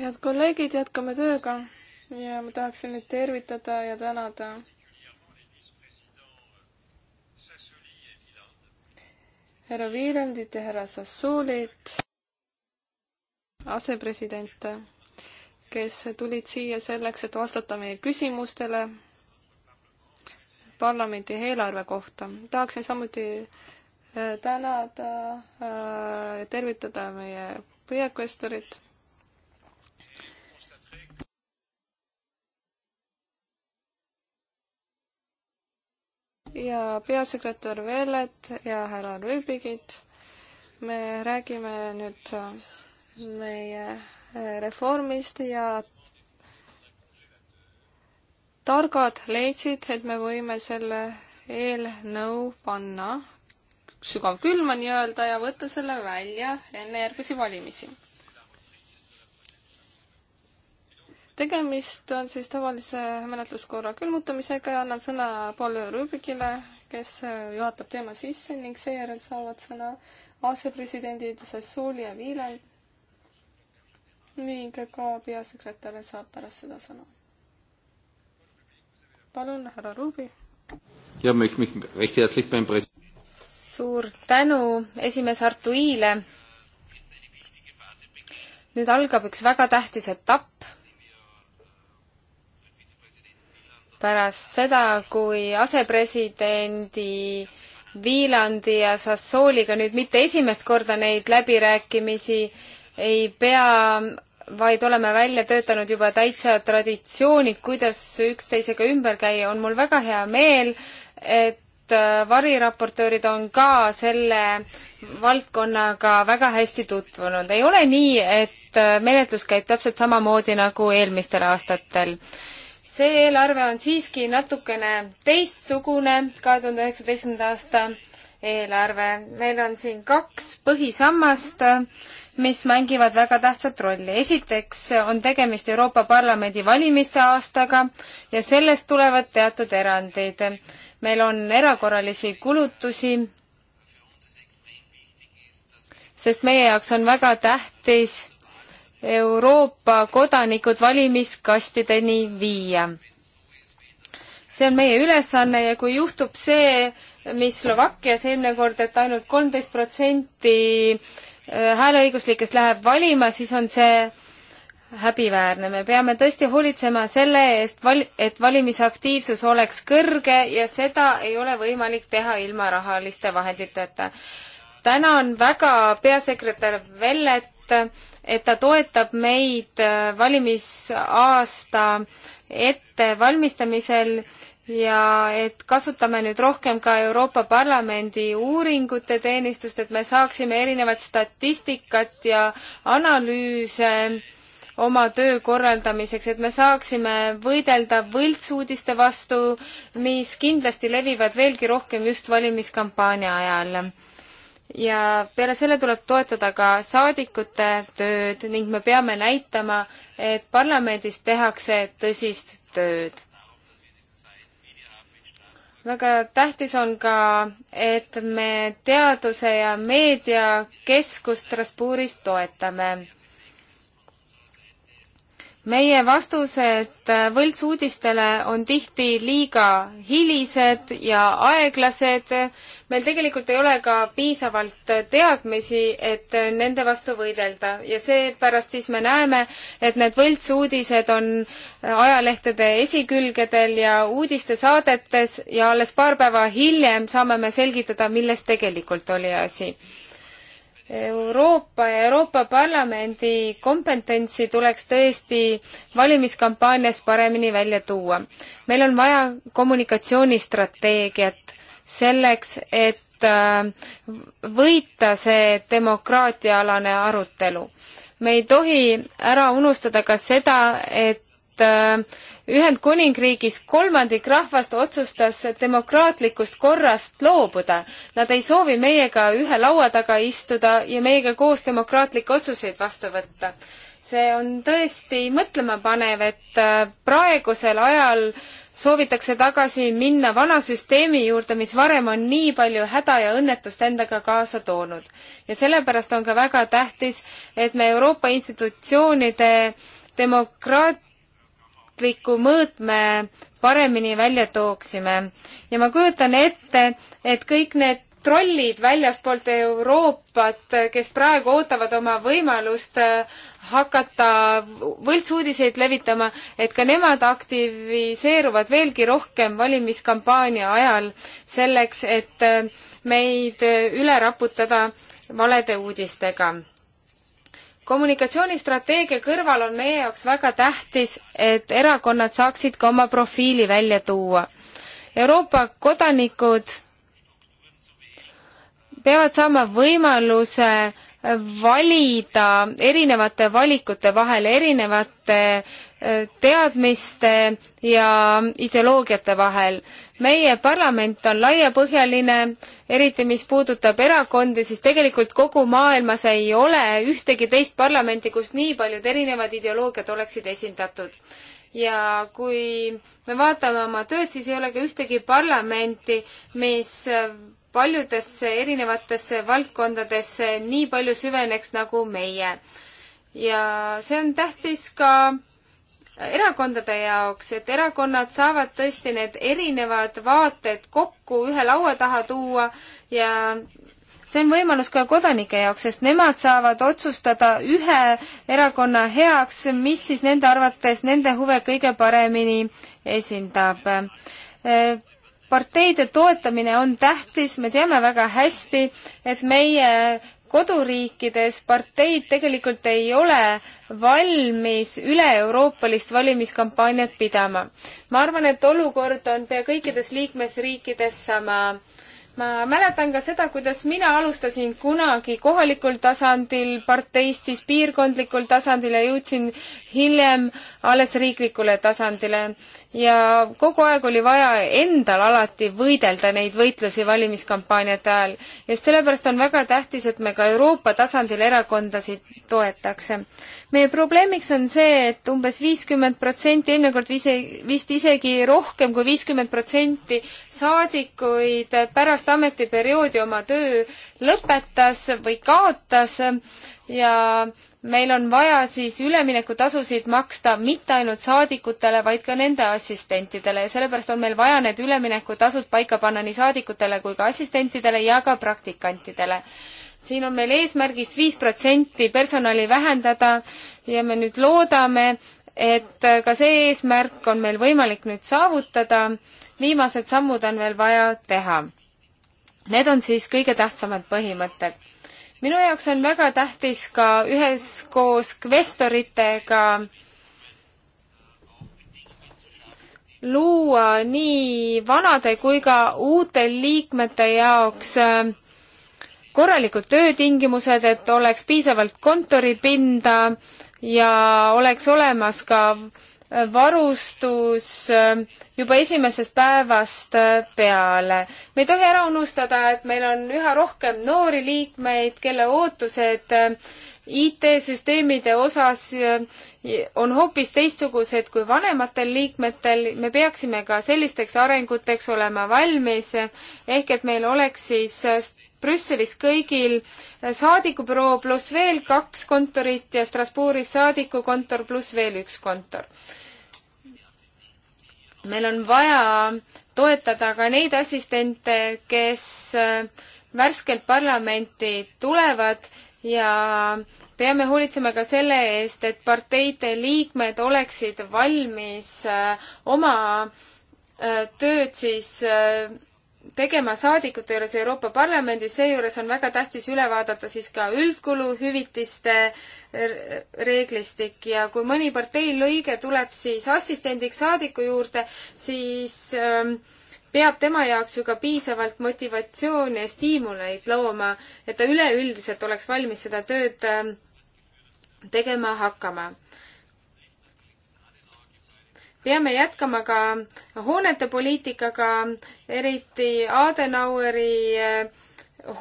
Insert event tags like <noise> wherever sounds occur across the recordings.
head kolleegid, jätkame tööga ja ma tahaksin nüüd tervitada ja tänada härra Viirandit ja härra Sassuulit, asepresidente, kes tulid siia selleks, et vastata meie küsimustele parlamendi eelarve kohta. tahaksin samuti Äh, tänada äh, ja tervitada meie peakvestorit. ja peasekretär Vellet ja härra Rüübigit. me räägime nüüd äh, meie reformist ja targad leidsid, et me võime selle eelnõu panna sügav külma nii-öelda ja võtta selle välja enne järgmisi valimisi. tegemist on siis tavalise menetluskorra külmutamisega ja annan sõna Paul Rüübikile, kes juhatab teema sisse ning seejärel saavad sõna asepresidendid Sassuli ja Viiland ning ka peasekretär saab pärast seda sõna. palun, härra Ruubi suur tänu esimees Artuiile. nüüd algab üks väga tähtis etapp. pärast seda, kui asepresidendi Viilandi ja Sassooliga nüüd mitte esimest korda neid läbirääkimisi ei pea, vaid oleme välja töötanud juba täitsa traditsioonid, kuidas üksteisega ümber käia, on mul väga hea meel, et Äh, variraportöörid on ka selle valdkonnaga väga hästi tutvunud. ei ole nii, et äh, menetlus käib täpselt samamoodi nagu eelmistel aastatel. see eelarve on siiski natukene teistsugune, kahe tuhande üheksateistkümnenda aasta eelarve. meil on siin kaks põhisammast mis mängivad väga tähtsat rolli. esiteks on tegemist Euroopa Parlamendi valimiste aastaga ja sellest tulevad teatud erandid. meil on erakorralisi kulutusi, sest meie jaoks on väga tähtis Euroopa kodanikud valimiskastideni viia see on meie ülesanne ja kui juhtub see, mis Slovakkias eelmine kord, et ainult kolmteist protsenti Äh, hääleõiguslikest läheb valima, siis on see häbiväärne, me peame tõesti hoolitsema selle eest, val-, et valimisaktiivsus oleks kõrge ja seda ei ole võimalik teha ilma rahaliste vahenditeta. tänan väga peasekretär Vellet, et ta toetab meid äh, valimisaasta ettevalmistamisel ja et kasutame nüüd rohkem ka Euroopa Parlamendi uuringute teenistust, et me saaksime erinevat statistikat ja analüüse oma töö korraldamiseks, et me saaksime võidelda võltsuudiste vastu, mis kindlasti levivad veelgi rohkem just valimiskampaania ajal. ja peale selle tuleb toetada ka saadikute tööd ning me peame näitama, et parlamendis tehakse tõsist tööd väga tähtis on ka, et me teaduse ja meediakeskust Strasbourgis toetame meie vastused võltsuudistele on tihti liiga hilised ja aeglased. meil tegelikult ei ole ka piisavalt teadmisi, et nende vastu võidelda ja seepärast siis me näeme, et need võltsuudised on ajalehtede esikülgedel ja uudistesaadetes ja alles paar päeva hiljem saame me selgitada, milles tegelikult oli asi Euroopa ja Euroopa Parlamendi kompetentsi tuleks tõesti valimiskampaanias paremini välja tuua. meil on vaja kommunikatsioonistrateegiat selleks, et äh, võita see demokraatiaalane arutelu. me ei tohi ära unustada ka seda, et Äh, Ühendkuningriigis kolmandik rahvast otsustas demokraatlikust korrast loobuda. Nad ei soovi meiega ühe laua taga istuda ja meiega koos demokraatlikke otsuseid vastu võtta. see on tõesti mõtlemapanev, et äh, praegusel ajal soovitakse tagasi minna vana süsteemi juurde, mis varem on nii palju häda ja õnnetust endaga kaasa toonud. ja sellepärast on ka väga tähtis, et me Euroopa institutsioonide demokraat-, riikliku mõõtme paremini välja tooksime. ja ma kujutan ette, et kõik need trollid väljastpoolt Euroopat, kes praegu ootavad oma võimalust äh, hakata võltsuudiseid levitama, et ka nemad aktiviseeruvad veelgi rohkem valimiskampaania ajal selleks, et äh, meid äh, üle raputada valede uudistega kommunikatsioonistrateegia kõrval on meie jaoks väga tähtis, et erakonnad saaksid ka oma profiili välja tuua. Euroopa kodanikud peavad saama võimaluse valida erinevate valikute vahel, erinevate eh, teadmiste ja ideoloogiate vahel. meie parlament on laiapõhjaline, eriti mis puudutab erakondi, siis tegelikult kogu maailmas ei ole ühtegi teist parlamenti, kus nii paljud erinevad ideoloogiad oleksid esindatud ja kui me vaatame oma tööd, siis ei ole ka ühtegi parlamenti, mis eh, paljudesse erinevatesse valdkondadesse nii palju süveneks nagu meie. ja see on tähtis ka erakondade jaoks, et erakonnad saavad tõesti need erinevad vaated kokku ühe laua taha tuua ja see on võimalus ka kodanike jaoks, sest nemad saavad otsustada ühe erakonna heaks, mis siis nende arvates nende huve kõige paremini esindab parteide toetamine on tähtis, me teame väga hästi, et meie koduriikides parteid tegelikult ei ole valmis üle-euroopalist valimiskampaaniat pidama. ma arvan, et olukord on pea kõikides liikmesriikides sama ma mäletan ka seda, kuidas mina alustasin kunagi kohalikul tasandil parteist, siis piirkondlikul tasandil ja jõudsin hiljem alles riiklikule tasandile. ja kogu aeg oli vaja endal alati võidelda neid võitlusi valimiskampaaniate ajal. just sellepärast on väga tähtis, et me ka Euroopa tasandil erakondasid toetaks. meie probleemiks on see, et umbes viiskümmend protsenti, eelmine kord vise, vist isegi rohkem kui viiskümmend protsenti saadikuid pärast ametiperioodi oma töö lõpetas või kaotas ja meil on vaja siis üleminekutasusid maksta mitte ainult saadikutele, vaid ka nende assistentidele ja sellepärast on meil vaja need üleminekutasud paika panna nii saadikutele kui ka assistentidele ja ka praktikantidele. siin on meil eesmärgiks viis protsenti personali vähendada ja me nüüd loodame, et ka see eesmärk on meil võimalik nüüd saavutada, viimased sammud on veel vaja teha Need on siis kõige tähtsamad põhimõtted. minu jaoks on väga tähtis ka üheskoos kvestoritega luua nii vanade kui ka uute liikmete jaoks äh, korralikud töötingimused, et oleks piisavalt kontoripinda ja oleks olemas ka varustus äh, juba esimesest päevast äh, peale. me ei tohi ära unustada, et meil on üha rohkem noori liikmeid, kelle ootused äh, IT-süsteemide osas on hoopis teistsugused kui vanematel liikmetel. me peaksime ka sellisteks arenguteks olema valmis, ehk et meil oleks siis Brüsselis kõigil saadikubüroo pluss veel kaks kontorit ja Strasbourgis saadikukontor pluss veel üks kontor. meil on vaja toetada ka neid assistente, kes äh, värskelt parlamenti tulevad ja peame hoolitsema ka selle eest, et parteide liikmed oleksid valmis äh, oma äh, tööd siis tegema saadikute juures Euroopa Parlamendis, seejuures on väga tähtis üle vaadata siis ka üldkuluhüvitiste reeglistik ja kui mõni partei lõige tuleb siis assistendiks saadiku juurde, siis ähm, peab tema jaoks ju ka piisavalt motivatsiooni ja stiimuleid looma, et ta üleüldiselt oleks valmis seda tööd ähm, tegema hakkama peame jätkama ka hoonete poliitikaga, eriti Adenaueri eh,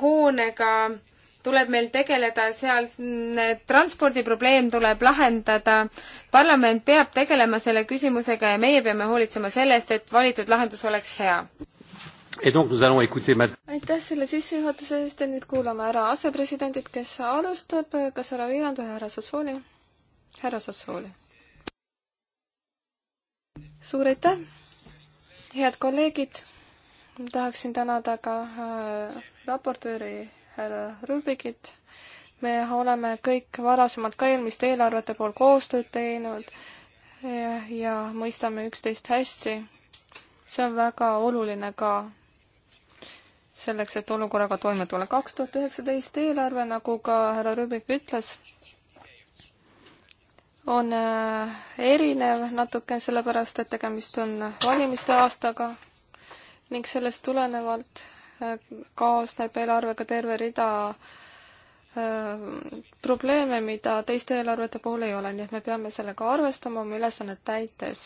hoonega tuleb meil tegeleda, seal transpordiprobleem tuleb lahendada. parlament peab tegelema selle küsimusega ja meie peame hoolitsema selle eest, et valitud lahendus oleks hea. aitäh selle sissejuhatuse eest ja nüüd kuulame ära asepresidendid, kes alustab, kas härra Viiland või härra Sassooli? härra Sassooli suur aitäh, head kolleegid. tahaksin tänada ka äh, raportööri härra Rubikit. me oleme kõik varasemalt ka eelmiste eelarvete pool koostööd teinud ja, ja mõistame üksteist hästi. see on väga oluline ka selleks, et olukorraga toime tulla. kaks tuhat üheksateist eelarve, nagu ka härra Rubik ütles on äh, erinev natuke, sellepärast et tegemist on valimiste aastaga ning sellest tulenevalt äh, kaasneb eelarvega terve rida äh, probleeme, mida teiste eelarvete puhul ei ole, nii et me peame sellega arvestama oma ülesannet täites.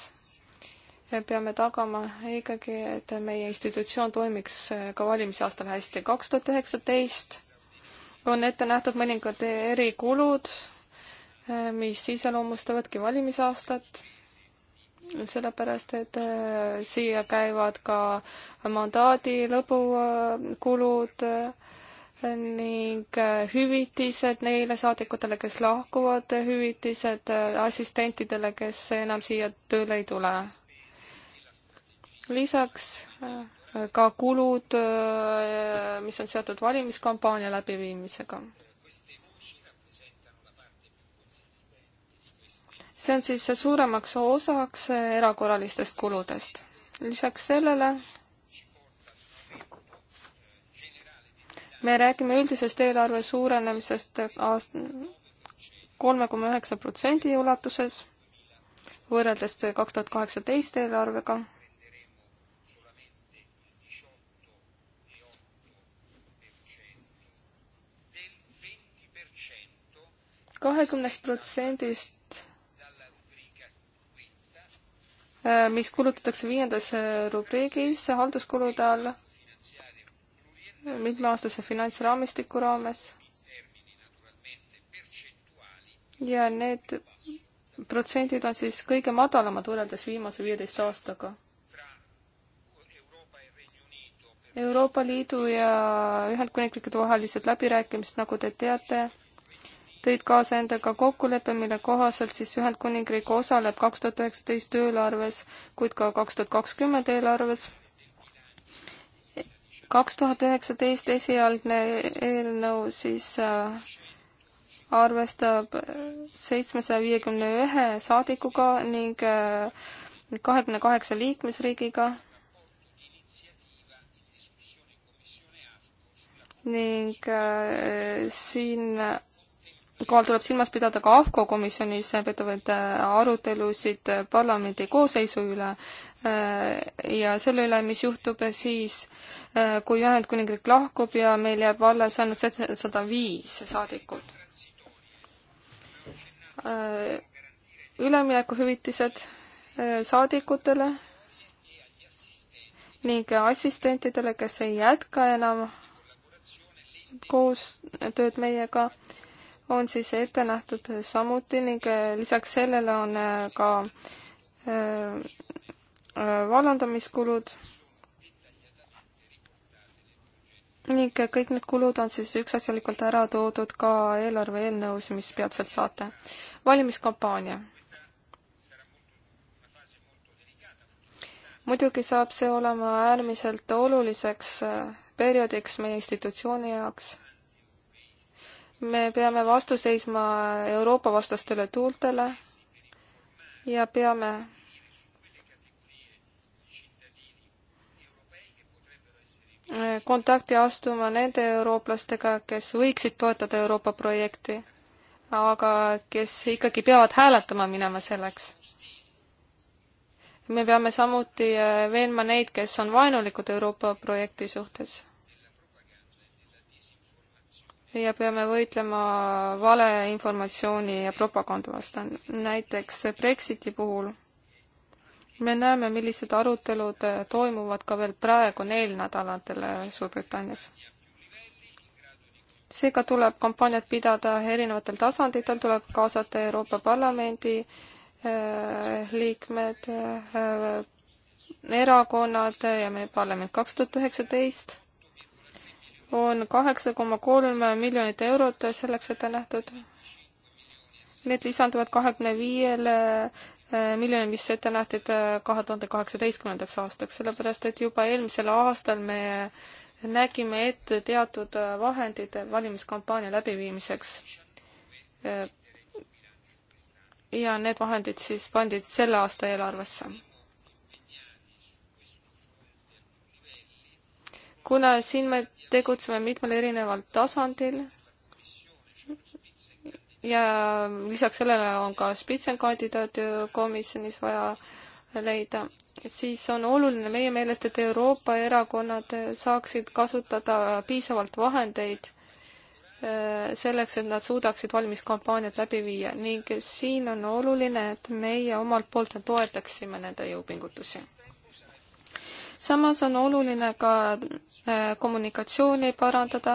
me peame tagama ikkagi, et meie institutsioon toimiks ka valimisaastal hästi. kaks tuhat üheksateist on ette nähtud mõningad erikulud mis iseloomustavadki valimisaastat, sellepärast et äh, siia käivad ka mandaadi lõpukulud äh, ning äh, hüvitised neile saadikutele, kes lahkuvad, hüvitised assistentidele, kes enam siia tööle ei tule. lisaks ka kulud, mis on seotud valimiskampaania läbiviimisega see on siis suuremaks osaks erakorralistest kuludest. lisaks sellele me räägime üldisest eelarve suurenemisest kolme koma üheksa protsendi ulatuses võrreldes kaks tuhat kaheksateist eelarvega. kahekümnest protsendist Äh, mis kulutatakse viiendas äh, rubriigis halduskulude all äh, mitmeaastase finantsraamistiku raames. ja need protsendid on siis kõige madalamad võrreldes viimase viieteist aastaga. Euroopa Liidu ja Ühendkuningriikide vahelised läbirääkimised, nagu te teate tõid kaasa endaga kokkuleppe, mille kohaselt siis Ühendkuningriik osaleb kaks tuhat üheksateist eelarves, kuid ka kaks tuhat kakskümmend eelarves. kaks tuhat üheksateist esialgne eelnõu siis äh, arvestab seitsmesaja viiekümne ühe saadikuga ning äh, kahekümne kaheksa liikmesriigiga ning äh, siin kohal tuleb silmas pidada ka AFCO komisjonis peetavaid äh, arutelusid äh, parlamendi koosseisu üle äh, ja selle üle, mis juhtub siis, kui Ühendkuningriik lahkub ja meil jääb alles ainult seitsesada viis saadikut. üleminekuhüvitised saadikutele ning assistentidele, kes ei jätka enam koostööd meiega on siis ette nähtud samuti ning äh, lisaks sellele on äh, ka äh, vallandamiskulud ning kõik need kulud on siis üksikasjalikult ära toodud ka eelarve eelnõus, mis peatselt saate. valimiskampaania. muidugi saab see olema äärmiselt oluliseks perioodiks meie institutsiooni jaoks me peame vastu seisma Euroopa vastastele tuultele ja peame kontakti astuma nende eurooplastega, kes võiksid toetada Euroopa projekti, aga kes ikkagi peavad hääletama minema selleks. me peame samuti veenma neid, kes on vaenulikud Euroopa projekti suhtes ja peame võitlema valeinformatsiooni ja propaganda vastu. näiteks Brexiti puhul me näeme, millised arutelud toimuvad ka veel praegu neil nädalatel Suurbritannias. seega tuleb kampaaniat pidada erinevatel tasanditel, tuleb kaasata Euroopa Parlamendi eh, liikmed, eh, erakonnad ja meie parlament. kaks tuhat üheksateist on kaheksa koma kolm miljonit eurot selleks ette nähtud. Need lisanduvad kahekümne viiele eh, miljonile, mis ette nähti eh, kahe tuhande kaheksateistkümnendaks aastaks, sellepärast et juba eelmisel aastal me nägime ette teatud eh, vahendid valimiskampaania läbiviimiseks. ja need vahendid siis pandi selle aasta eelarvesse kuna siin me tegutseme mitmel erineval tasandil. ja lisaks sellele on ka spitsenkandidaat komisjonis vaja leida, siis on oluline meie meelest, et Euroopa erakonnad saaksid kasutada piisavalt vahendeid äh, selleks, et nad suudaksid valmis kampaaniat läbi viia ning siin on oluline, et meie omalt poolt toetaksime nende jõupingutusi. samas on oluline ka Äh, kommunikatsiooni parandada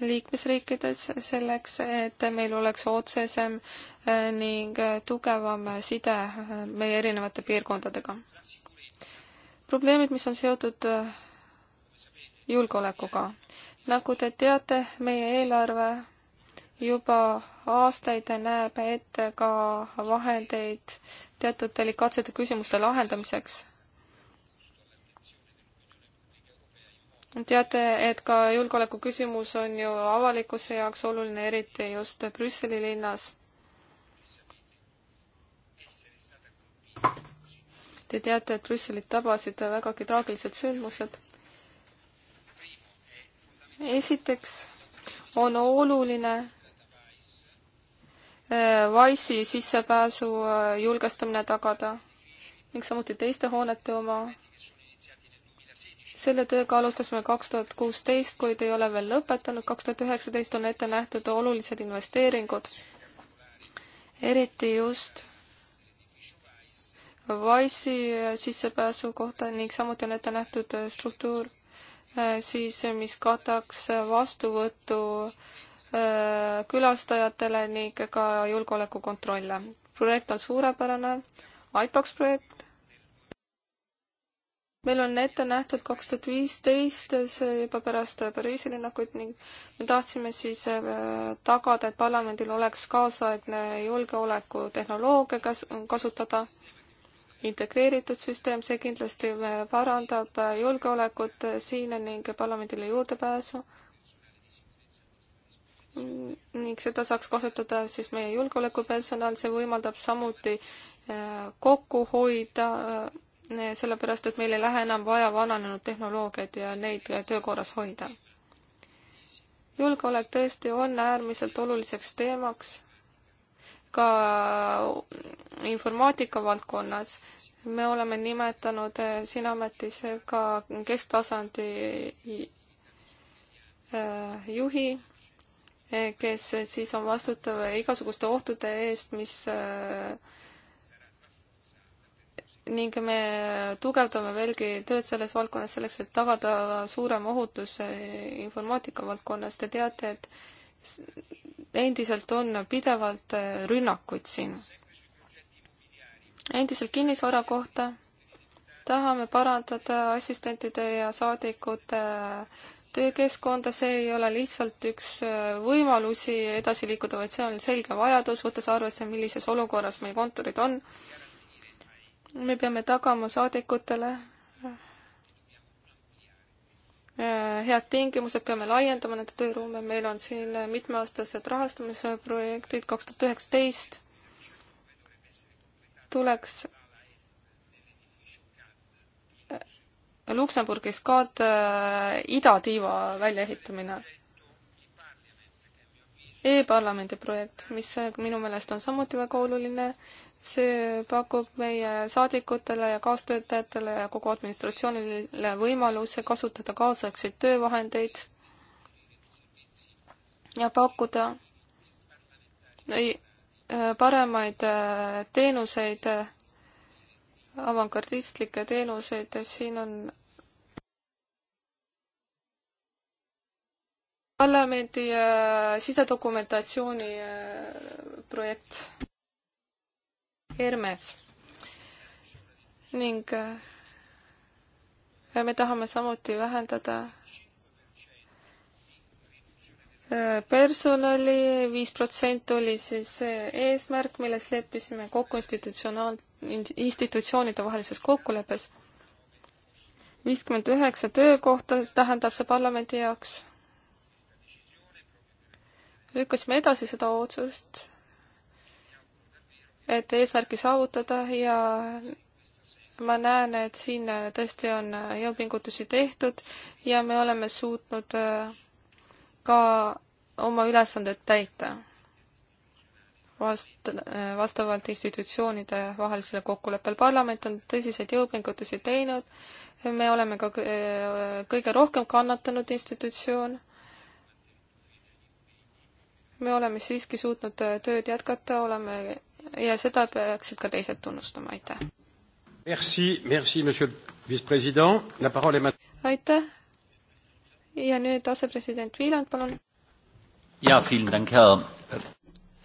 liikmesriikides selleks, et meil oleks otsesem äh, ning äh, tugevam side meie erinevate piirkondadega. probleemid, mis on seotud julgeolekuga. nagu te teate, meie eelarve juba aastaid näeb ette ka vahendeid teatud delikaatsete küsimuste lahendamiseks teate, et ka julgeoleku küsimus on ju avalikkuse jaoks oluline, eriti just Brüsseli linnas. Te teate, et Brüsselit tabasid vägagi traagilised sündmused. esiteks on oluline Wise'i äh, sissepääsu äh, julgestamine tagada ning samuti teiste hoonete oma selle tööga alustasime kaks tuhat kuusteist, kuid ei ole veel lõpetanud. kaks tuhat üheksateist on ette nähtud olulised investeeringud, eriti just Wise'i äh, sissepääsu kohta ning samuti on ette nähtud äh, struktuur äh, siis, mis kataks vastuvõtu külastajatele ning ka julgeolekukontrolle. projekt on suurepärane, IPAX projekt, meil on ette nähtud kaks tuhat viisteist, see juba pärast Pariisi rünnakuid ning me tahtsime siis äh, tagada, et parlamendil oleks kaasaegne julgeolekutehnoloogia kas-, kasutada, integreeritud süsteem, see kindlasti äh, parandab äh, julgeolekut siin ning parlamendile juurdepääsu. Mm, ning seda saaks kasutada siis meie julgeolekupersonal, see võimaldab samuti kokku hoida Eh, sellepärast et meil ei lähe enam vaja vananenud tehnoloogiaid ja neid eh, töökorras hoida. julgeolek tõesti on äärmiselt oluliseks teemaks ka eh, informaatika valdkonnas. me oleme nimetanud siin ametis ka kesktasandi juhi, kes siis on vastutav igasuguste ohtude eest, mis ning me tugevdame veelgi tööd selles valdkonnas selleks, et tagada suurem ohutus eh, informaatika valdkonnas. Te teate, et endiselt on pidevalt eh, rünnakuid siin. endiselt kinnisvara kohta tahame parandada assistentide ja saadikute eh, töökeskkonda, see ei ole lihtsalt üks võimalusi edasi liikuda, vaid see on selge vajadus, võttes arvesse, millises olukorras meil kontorid on me peame tagama saadikutele äh, head tingimused, peame laiendama nende tööruume, meil on siin mitmeaastased rahastamise projektid kaks tuhat üheksateist, tuleks äh, Luksemburgis kaart äh, idatiiva väljaehitamine e-parlamendi projekt, mis minu meelest on samuti väga oluline. see pakub meie saadikutele ja kaastöötajatele ja kogu administratsioonile võimaluse kasutada kaasaegseid töövahendeid ja pakkuda paremaid äh, teenuseid äh, avangardistlikke teenuseid, siin on parlamendi äh, sisedokumentatsiooni äh, projekt Hermes ning äh, me tahame samuti vähendada personali, viis protsenti oli siis see eesmärk, milles leppisime kokku institutsionaal-, institutsioonide vahelises kokkuleppes. viiskümmend üheksa töökohta tähendab see parlamendi jaoks lükkasime edasi seda otsust, et eesmärki saavutada ja ma näen, et siin tõesti on jõupingutusi tehtud ja me oleme suutnud äh, ka oma ülesanded täita vast-, vastavalt institutsioonide vahelisele kokkuleppele. parlament on tõsiseid jõupingutusi teinud, me oleme ka äh, kõige rohkem kannatanud institutsioon me oleme siiski suutnud äh, tööd jätkata, oleme ja seda peaksid ka teised tunnustama, aitäh. Merci, merci, monsieur vice-president, la parole est aitäh. ja nüüd asepresident Viiland, palun. jaa, vielen dank, Herr.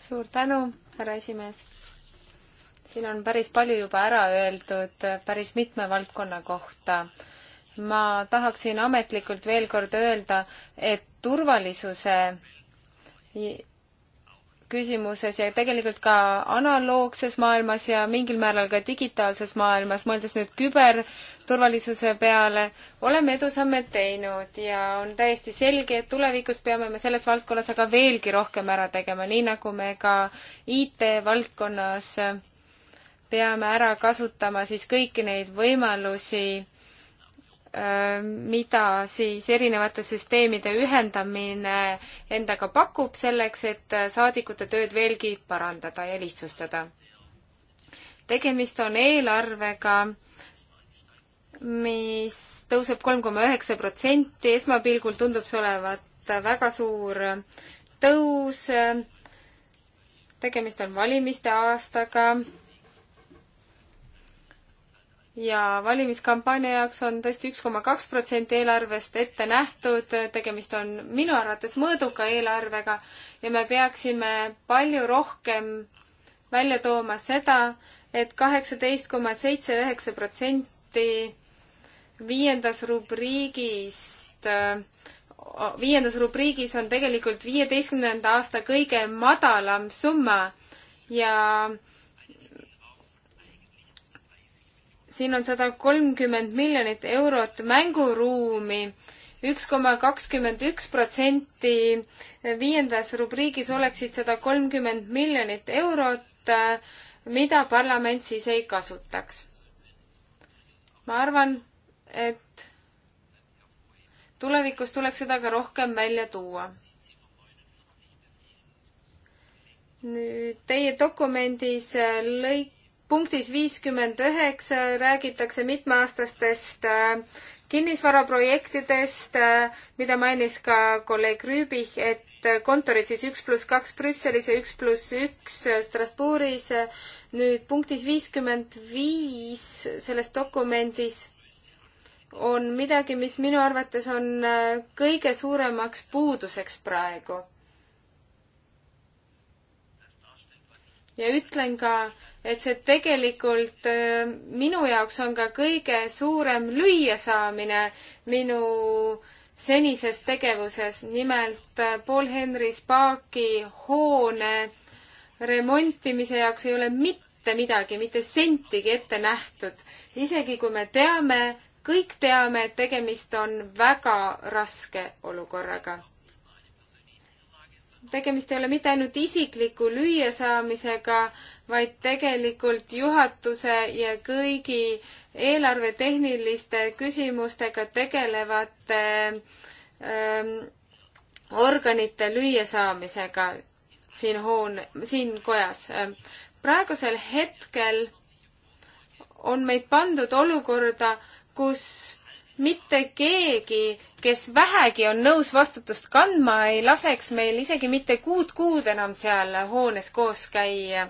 suur tänu, härra esimees. siin on päris palju juba ära öeldud päris mitme valdkonna kohta. ma tahaksin ametlikult veel kord öelda, et turvalisuse küsimuses ja tegelikult ka analoogses maailmas ja mingil määral ka digitaalses maailmas, mõeldes nüüd küberturvalisuse peale, oleme edusamme teinud ja on täiesti selge, et tulevikus peame me selles valdkonnas aga veelgi rohkem ära tegema, nii nagu me ka IT-valdkonnas peame ära kasutama siis kõiki neid võimalusi mida siis erinevate süsteemide ühendamine endaga pakub selleks, et saadikute tööd veelgi parandada ja lihtsustada. tegemist on eelarvega, mis tõuseb kolm koma üheksa protsenti, esmapilgul tundub see olevat väga suur tõus, tegemist on valimiste aastaga ja valimiskampaania jaoks on tõesti üks koma kaks protsenti eelarvest ette nähtud, tegemist on minu arvates mõõduka eelarvega ja me peaksime palju rohkem välja tooma seda, et kaheksateist koma seitse üheksa protsenti viiendas rubriigist, viiendas rubriigis on tegelikult viieteistkümnenda aasta kõige madalam summa ja siin on sada kolmkümmend miljonit eurot mänguruumi, üks koma kakskümmend üks protsenti viiendas rubriigis oleksid sada kolmkümmend miljonit eurot, mida parlament siis ei kasutaks. ma arvan, et tulevikus tuleks seda ka rohkem välja tuua. nüüd teie dokumendis lõik punktis viiskümmend üheksa räägitakse mitmeaastastest äh, kinnisvaraprojektidest, äh, mida mainis ka kolleeg Rüübich, et kontorid siis üks pluss kaks Brüsselis ja üks pluss üks äh, Strasbourgis. nüüd punktis viiskümmend viis selles dokumendis on midagi, mis minu arvates on kõige suuremaks puuduseks praegu ja ütlen ka, et see tegelikult äh, minu jaoks on ka kõige suurem lüüasaamine minu senises tegevuses, nimelt äh, Paul-Henri Spaaki hoone remontimise jaoks ei ole mitte midagi, mitte sentigi ette nähtud. isegi kui me teame, kõik teame, et tegemist on väga raske olukorraga tegemist ei ole mitte ainult isikliku lüüasaamisega, vaid tegelikult juhatuse ja kõigi eelarvetehniliste küsimustega tegelevate ähm, organite lüüasaamisega siin hoone, siin kojas. Ähm, praegusel hetkel on meid pandud olukorda, kus mitte keegi, kes vähegi on nõus vastutust kandma, ei laseks meil isegi mitte kuud kuud enam seal hoones koos käia.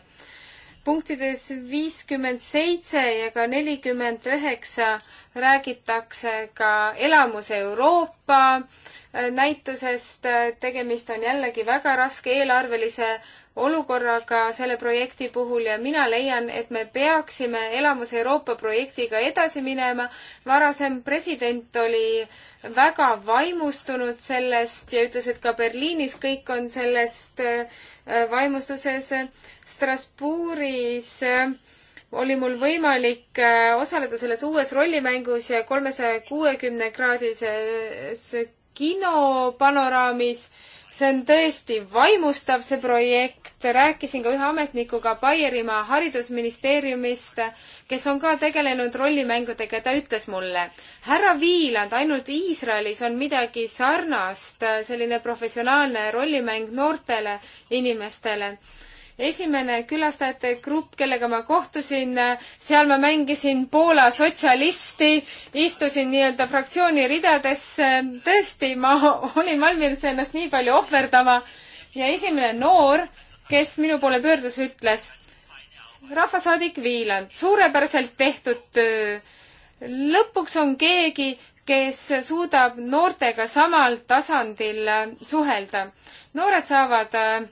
punktides viiskümmend seitse ja ka nelikümmend üheksa räägitakse ka Elamus Euroopa äh, näitusest, tegemist on jällegi väga raske eelarvelise olukorraga selle projekti puhul ja mina leian, et me peaksime Elamus Euroopa projektiga edasi minema. varasem president oli väga vaimustunud sellest ja ütles, et ka Berliinis kõik on sellest äh, vaimustuses. Strasbourgis äh, oli mul võimalik äh, osaleda selles uues rollimängus ja kolmesaja kuuekümne kraadises kinopanoraamis. see on tõesti vaimustav, see projekt. rääkisin ka ühe ametnikuga Baierimaa haridusministeeriumist, kes on ka tegelenud rollimängudega ja ta ütles mulle, härra Viiland, ainult Iisraelis on midagi sarnast, selline professionaalne rollimäng noortele inimestele esimene külastajate grupp, kellega ma kohtusin, seal ma mängisin Poola sotsialisti, istusin nii-öelda fraktsiooni ridadesse, tõesti, ma <laughs> olin valmis ennast nii palju ohverdama ja esimene noor, kes minu poole pöördus, ütles, rahvasaadik Viiland, suurepäraselt tehtud töö. lõpuks on keegi, kes suudab noortega samal tasandil suhelda. noored saavad äh,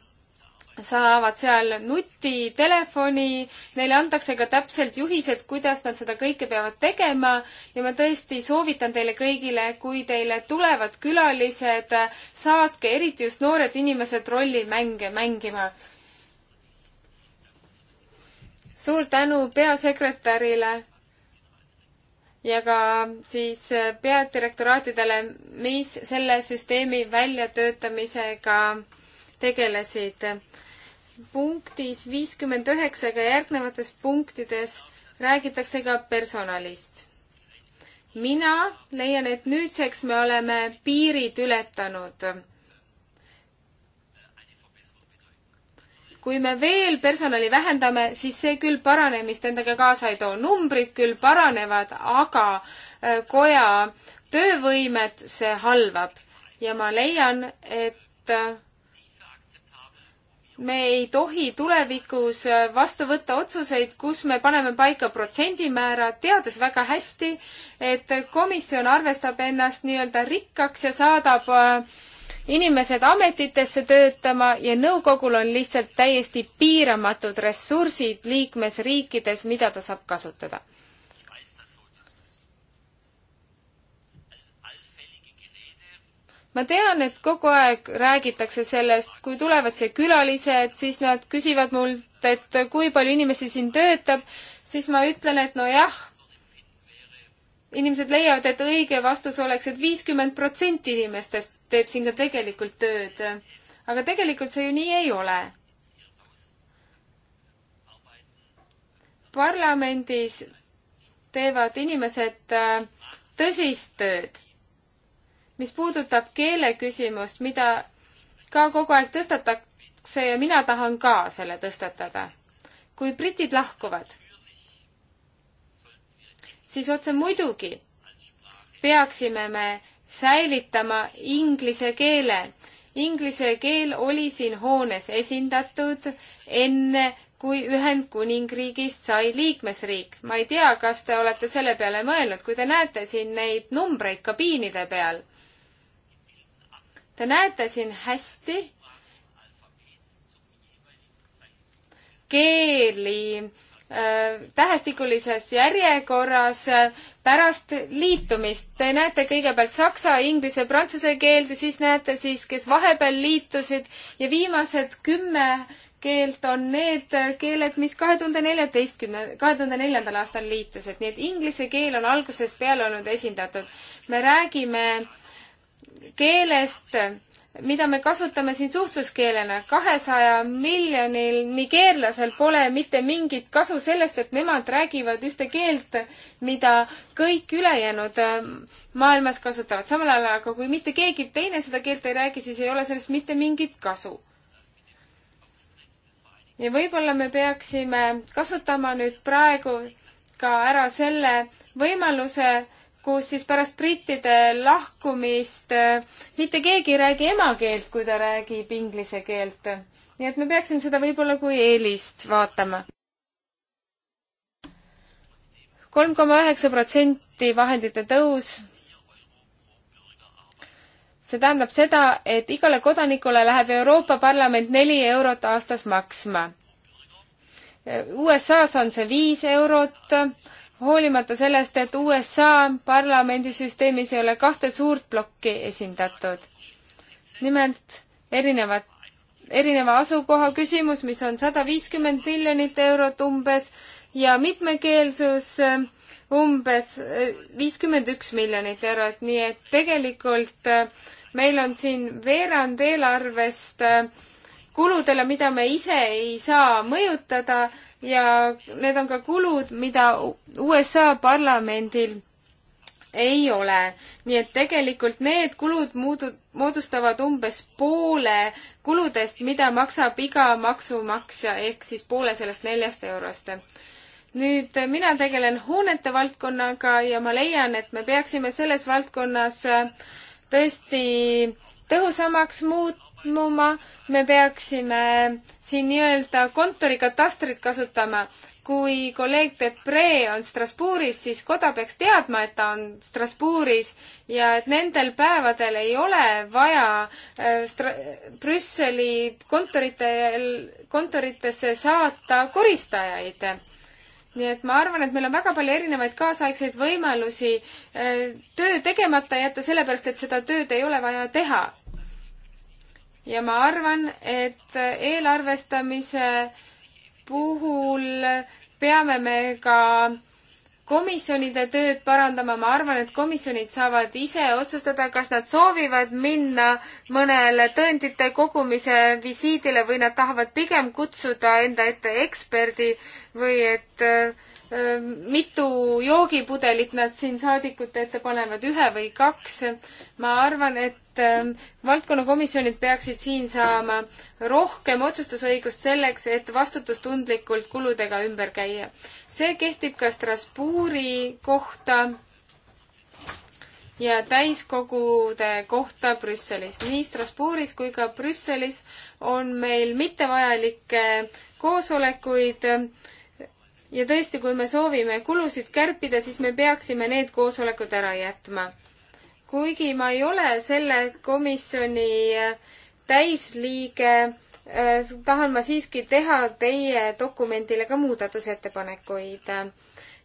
saavad seal nutitelefoni, neile antakse ka täpselt juhised, kuidas nad seda kõike peavad tegema ja ma tõesti soovitan teile kõigile, kui teile tulevad külalised, saatke eriti just noored inimesed rollimänge mängima. suur tänu peasekretärile ja ka siis peadirektoraatidele, mis selle süsteemi väljatöötamisega tegelesid punktis viiskümmend üheksa ka järgnevates punktides räägitakse ka personalist. mina leian, et nüüdseks me oleme piirid ületanud. kui me veel personali vähendame, siis see küll paranemist endaga kaasa ei too. numbrid küll paranevad, aga äh, koja töövõimet see halvab ja ma leian, et äh, me ei tohi tulevikus äh, vastu võtta otsuseid, kus me paneme paika protsendimäära, teades väga hästi, et komisjon arvestab ennast nii-öelda rikkaks ja saadab äh, inimesed ametitesse töötama ja nõukogul on lihtsalt täiesti piiramatud ressursid liikmesriikides, mida ta saab kasutada ma tean, et kogu aeg räägitakse sellest, kui tulevad siia külalised, siis nad küsivad mult, et kui palju inimesi siin töötab, siis ma ütlen, et nojah, inimesed leiavad, et õige vastus oleks et, et viiskümmend protsenti inimestest teeb siin ka tegelikult tööd. aga tegelikult see ju nii ei ole. parlamendis teevad inimesed äh, tõsist tööd mis puudutab keele küsimust, mida ka kogu aeg tõstatakse ja mina tahan ka selle tõstatada. kui britid lahkuvad, siis otse muidugi peaksime me säilitama inglise keele. Inglise keel oli siin hoones esindatud enne, kui Ühendkuningriigist sai liikmesriik. ma ei tea, kas te olete selle peale mõelnud, kui te näete siin neid numbreid kabiinide peal Te näete siin hästi keeli äh, tähestikulises järjekorras äh, pärast liitumist. Te näete kõigepealt saksa, inglise, prantsuse keelde, siis näete siis, kes vahepeal liitusid ja viimased kümme keelt on need keeled, mis kahe tuhande neljateistkümne, kahe tuhande neljandal aastal liitusid, nii et inglise keel on algusest peale olnud esindatud. me räägime äh, keelest, mida me kasutame siin suhtluskeelena. kahesaja miljonil nigeerlasel pole mitte mingit kasu sellest, et nemad räägivad ühte keelt, mida kõik ülejäänud äh, maailmas kasutavad. samal ajal aga kui mitte keegi teine seda keelt ei räägi, siis ei ole sellest mitte mingit kasu. ja võib-olla me peaksime kasutama nüüd praegu ka ära selle võimaluse, kus siis pärast brittide lahkumist äh, mitte keegi ei räägi emakeelt, kui ta räägib inglise keelt. nii et me peaksime seda võib-olla kui eelist vaatama. kolm koma üheksa protsenti vahendite tõus. see tähendab seda, et igale kodanikule läheb Euroopa Parlament neli eurot aastas maksma. Äh, USA-s on see viis eurot hoolimata sellest, et USA parlamendisüsteemis ei ole kahte suurt plokki esindatud. nimelt erinevad, erineva asukoha küsimus, mis on sada viiskümmend miljonit eurot umbes ja mitmekeelsus äh, umbes äh, viiskümmend üks miljonit eurot, nii et tegelikult äh, meil on siin veerand eelarvest äh, kuludele, mida me ise ei saa mõjutada ja need on ka kulud, mida USA parlamendil ei ole. nii et tegelikult need kulud muudu-, moodustavad umbes poole kuludest, mida maksab iga maksumaksja, ehk siis poole sellest neljast eurost nüüd mina tegelen hoonete valdkonnaga ja ma leian, et me peaksime selles valdkonnas äh, tõesti tõhusamaks muutma toimuma, me peaksime siin nii-öelda kontorikatastrit kasutama. kui kolleeg Depre on Strasbourgis, siis koda peaks teadma, et ta on Strasbourgis ja et nendel päevadel ei ole vaja äh, Stra-, Brüsseli kontoritel, kontoritesse saata koristajaid nii et ma arvan, et meil on väga palju erinevaid kaasaegseid võimalusi äh, töö tegemata jätta, sellepärast et seda tööd ei ole vaja teha ja ma arvan, et eelarvestamise puhul peame me ka komisjonide tööd parandama, ma arvan, et komisjonid saavad ise otsustada, kas nad soovivad minna mõnele tõendite kogumise visiidile või nad tahavad pigem kutsuda enda ette eksperdi või et äh, mitu joogipudelit nad siin saadikute ette panevad, ühe või kaks. ma arvan, et et ähm, valdkonnakomisjonid peaksid siin saama rohkem otsustusõigust selleks, et vastutustundlikult kuludega ümber käia. see kehtib ka Strasbourgi kohta ja täiskogude kohta Brüsselis. nii Strasbourgis kui ka Brüsselis on meil mittevajalikke koosolekuid ja tõesti, kui me soovime kulusid kärpida, siis me peaksime need koosolekud ära jätma kuigi ma ei ole selle komisjoni äh, täisliige, äh, tahan ma siiski teha teie dokumendile ka muudatusettepanekuid.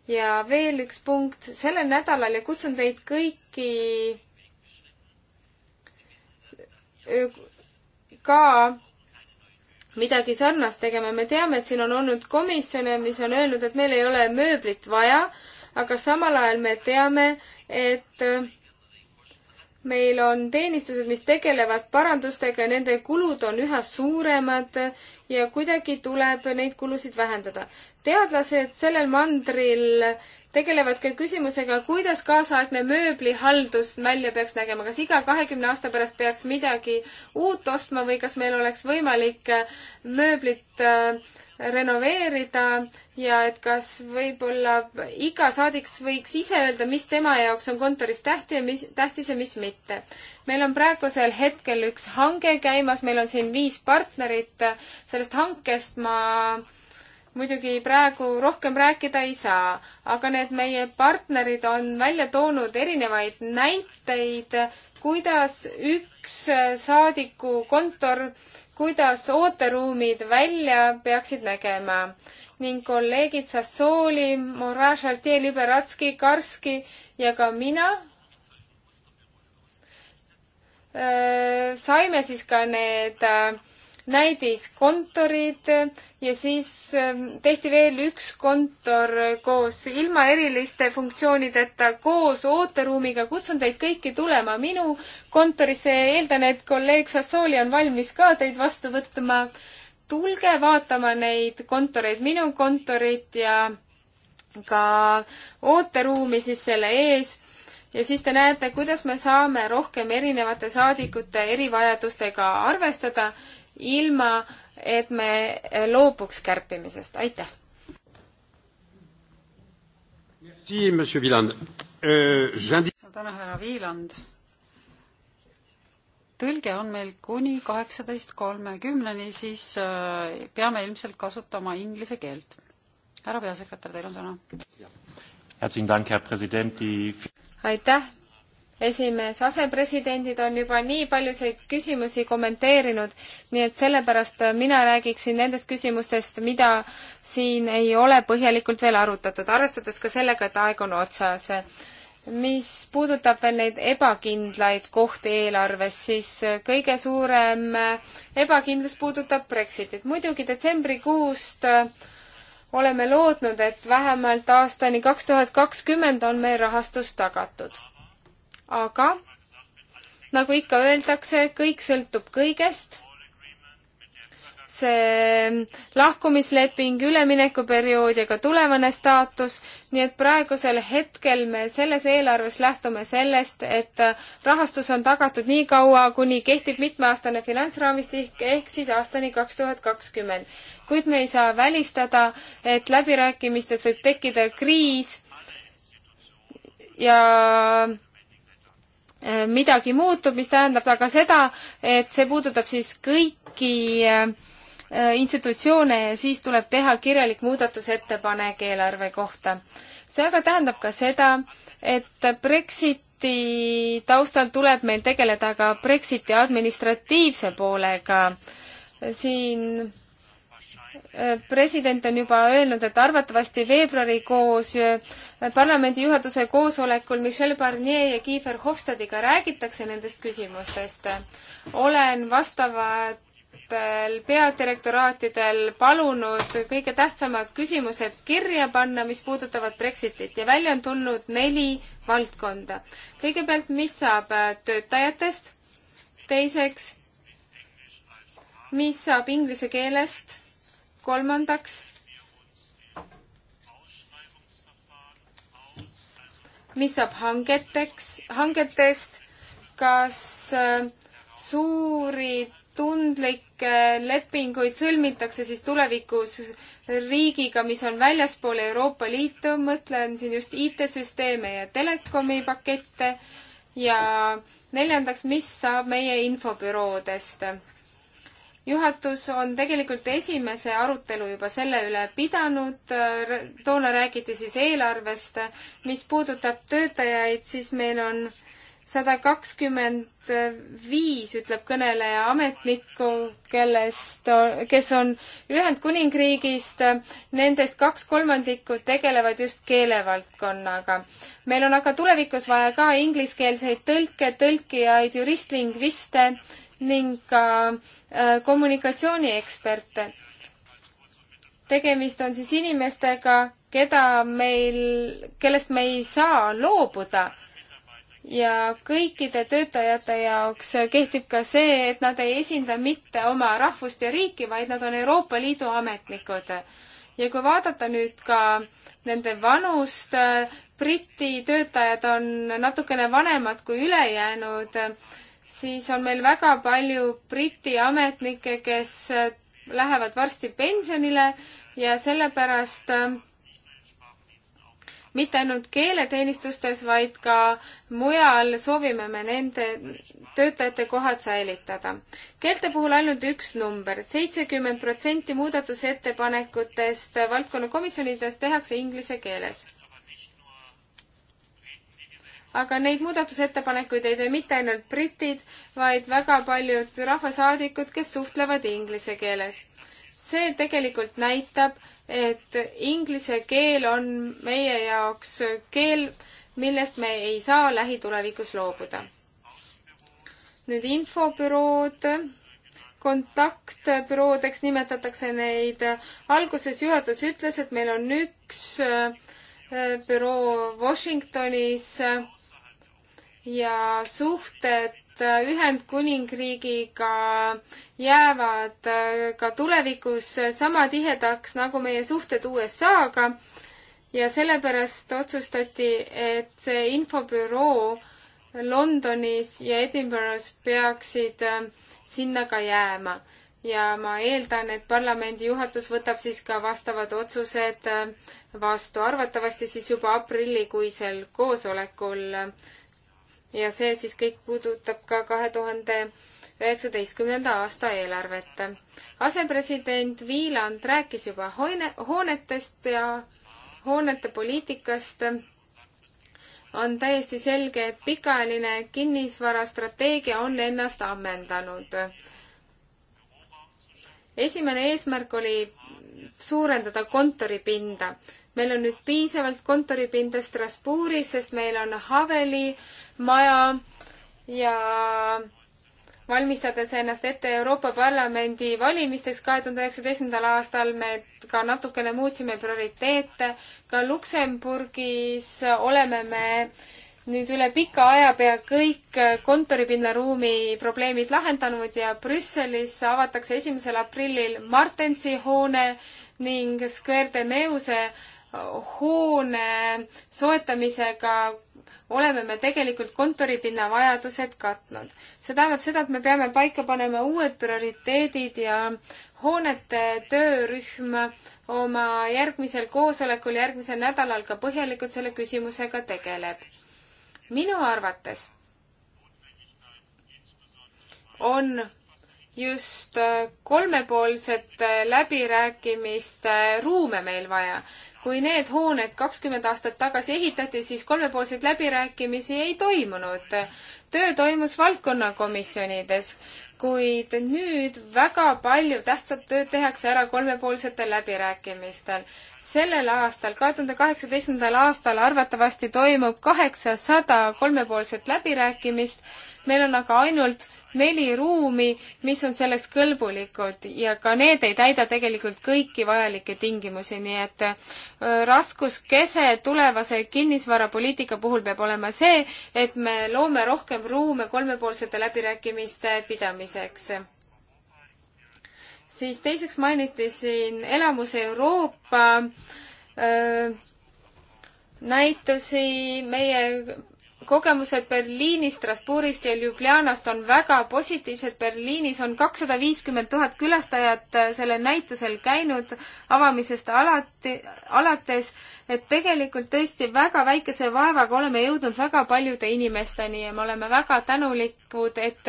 ja veel üks punkt, sellel nädalal ja kutsun teid kõiki äh, ka midagi sarnast tegema. me teame, et siin on olnud komisjone, mis on öelnud, et meil ei ole mööblit vaja, aga samal ajal me teame, et meil on teenistused, mis tegelevad parandustega ja nende kulud on üha suuremad ja kuidagi tuleb neid kulusid vähendada. teadlased sellel mandril tegelevad ka küsimusega, kuidas kaasaegne mööblihaldus välja peaks nägema, kas iga kahekümne aasta pärast peaks midagi uut ostma või kas meil oleks võimalik mööblit äh, renoveerida ja et kas võib-olla iga saadik võiks ise öelda, mis tema jaoks on kontoris tähti ja mis, tähtis ja mis mitte. meil on praegusel hetkel üks hange käimas, meil on siin viis partnerit, sellest hankest ma muidugi praegu rohkem rääkida ei saa, aga need meie partnerid on välja toonud erinevaid näiteid, kuidas üks saadiku kontor kuidas ooteruumid välja peaksid nägema ning kolleegid Sassooli, Morin Chartier, Liberatski, Karski ja ka mina äh, saime siis ka need äh, näidiskontorid ja siis ähm, tehti veel üks kontor koos ilma eriliste funktsioonideta, koos ooteruumiga. kutsun teid kõiki tulema minu kontorisse ja eeldan, et kolleeg Sassooli on valmis ka teid vastu võtma. tulge vaatama neid kontoreid, minu kontorit ja ka ooteruumi siis selle ees ja siis te näete, kuidas me saame rohkem erinevate saadikute erivajadustega arvestada ilma et me loobuks kärpimisest, aitäh! Euh, suur tänu, härra Viiland! tõlge on meil kuni kaheksateist kolmekümneni, siis äh, peame ilmselt kasutama inglise keelt. härra peasekretär, teil on sõna. aitäh, esimees, asepresidendid on juba nii paljusid küsimusi kommenteerinud, nii et sellepärast mina räägiksin nendest küsimustest, mida siin ei ole põhjalikult veel arutatud, arvestades ka sellega, et aeg on otsas. mis puudutab veel neid ebakindlaid kohti eelarves, siis kõige suurem ebakindlus puudutab Brexitit. muidugi detsembrikuust oleme lootnud, et vähemalt aastani kaks tuhat kakskümmend on meil rahastus tagatud aga nagu ikka öeldakse, kõik sõltub kõigest. see lahkumisleping, üleminekuperiood ja ka tulevane staatus, nii et praegusel hetkel me selles eelarves lähtume sellest, et rahastus on tagatud nii kaua, kuni kehtib mitmeaastane finantsraamistik ehk siis aastani kaks tuhat kakskümmend. kuid me ei saa välistada, et läbirääkimistes võib tekkida kriis ja Äh, midagi muutub, mis tähendab aga seda, et see puudutab siis kõiki äh, institutsioone ja siis tuleb teha kirjalik muudatusettepanek eelarve kohta. see aga tähendab ka seda, et Brexiti taustal tuleb meil tegeleda ka Brexiti administratiivse poolega. siin Äh, president on juba öelnud, et arvatavasti veebruarikuus äh, parlamendi juhatuse koosolekul Michel Barnier ja Kiefer Hofstadiga räägitakse nendest küsimustest. olen vastavatel peadirektoraatidel palunud kõige tähtsamad küsimused kirja panna, mis puudutavad Brexitit ja välja on tulnud neli valdkonda. kõigepealt, mis saab äh, töötajatest, teiseks, mis saab inglise keelest kolmandaks, mis saab hangeteks, hangetest, kas äh, suuri tundlikke lepinguid sõlmitakse siis tulevikus riigiga, mis on väljaspool Euroopa Liitu, mõtlen siin just IT-süsteeme ja telekomi pakette ja neljandaks, mis saab meie infobüroodest? juhatus on tegelikult esimese arutelu juba selle üle pidanud, toona räägiti siis eelarvest, mis puudutab töötajaid, siis meil on sada kakskümmend viis, ütleb kõneleja, ametnikku, kellest, kes on Ühendkuningriigist, nendest kaks kolmandikku tegelevad just keelevaldkonnaga. meil on aga tulevikus vaja ka ingliskeelseid tõlke, tõlkijaid, juristlingviste ning ka äh, kommunikatsioonieksperte. tegemist on siis inimestega, keda meil, kellest me ei saa loobuda ja kõikide töötajate jaoks kehtib ka see, et nad ei esinda mitte oma rahvust ja riiki, vaid nad on Euroopa Liidu ametnikud. ja kui vaadata nüüd ka nende vanust, Briti töötajad on natukene vanemad kui ülejäänud siis on meil väga palju Briti ametnikke, kes äh, lähevad varsti pensionile ja sellepärast äh, mitte ainult keeleteenistustes, vaid ka mujal soovime me nende töötajate kohad säilitada. keelte puhul ainult üks number, seitsekümmend protsenti muudatusettepanekutest valdkonnakomisjonides tehakse inglise keeles aga neid muudatusettepanekuid ei tee mitte ainult britid, vaid väga paljud rahvasaadikud, kes suhtlevad inglise keeles. see tegelikult näitab, et inglise keel on meie jaoks keel, millest me ei saa lähitulevikus loobuda. nüüd infobürood, kontaktbüroodeks nimetatakse neid. alguses juhatus ütles, et meil on üks äh, büroo Washingtonis ja suhted Ühendkuningriigiga jäävad äh, ka tulevikus sama tihedaks nagu meie suhted USA-ga ja sellepärast otsustati, et see infobüroo Londonis ja Edinburgh's peaksid äh, sinna ka jääma. ja ma eeldan, et parlamendi juhatus võtab siis ka vastavad otsused äh, vastu, arvatavasti siis juba aprillikuisel koosolekul ja see siis kõik puudutab ka kahe tuhande üheksateistkümnenda aasta eelarvet. asepresident Viiland rääkis juba hoone, hoonetest ja hoonete poliitikast. on täiesti selge, et pikaajaline kinnisvarastrateegia on ennast ammendanud. esimene eesmärk oli suurendada kontoripinda meil on nüüd piisavalt kontoripinda Strasbourgis, sest meil on Haveli maja ja valmistades ennast ette Euroopa Parlamendi valimisteks kahe tuhande üheksateistkümnendal aastal, me ka natukene muutsime prioriteete. ka Luksemburgis oleme me nüüd üle pika aja pea kõik kontoripinnaruumi probleemid lahendanud ja Brüsselis avatakse esimesel aprillil Martensi hoone ning Square de Meuse hoone soetamisega oleme me tegelikult kontoripinna vajadused katnud. see tähendab seda, et me peame paika panema uued prioriteedid ja hoonete töörühm oma järgmisel koosolekul järgmisel nädalal ka põhjalikult selle küsimusega tegeleb. minu arvates on just kolmepoolsete läbirääkimiste ruume meil vaja kui need hooned kakskümmend aastat tagasi ehitati, siis kolmepoolseid läbirääkimisi ei toimunud. töö toimus valdkonnakomisjonides, kuid nüüd väga palju tähtsat tööd tehakse ära kolmepoolsetel läbirääkimistel. sellel aastal, kahe tuhande kaheksateistkümnendal aastal arvatavasti toimub kaheksasada kolmepoolset läbirääkimist, meil on aga ainult neli ruumi, mis on selleks kõlbulikud ja ka need ei täida tegelikult kõiki vajalikke tingimusi, nii et äh, raskuskese tulevase kinnisvarapoliitika puhul peab olema see, et me loome rohkem ruume kolmepoolsete läbirääkimiste pidamiseks siis teiseks mainiti siin Elamus Euroopa öö, äh, näitusi, meie kogemused Berliinist, Strasbourgist ja Ljubljanast on väga positiivsed. Berliinis on kakssada viiskümmend tuhat külastajat äh, sellel näitusel käinud avamisest alati, alates. et tegelikult tõesti väga väikese vaevaga oleme jõudnud väga paljude inimesteni ja me oleme väga tänulikud, et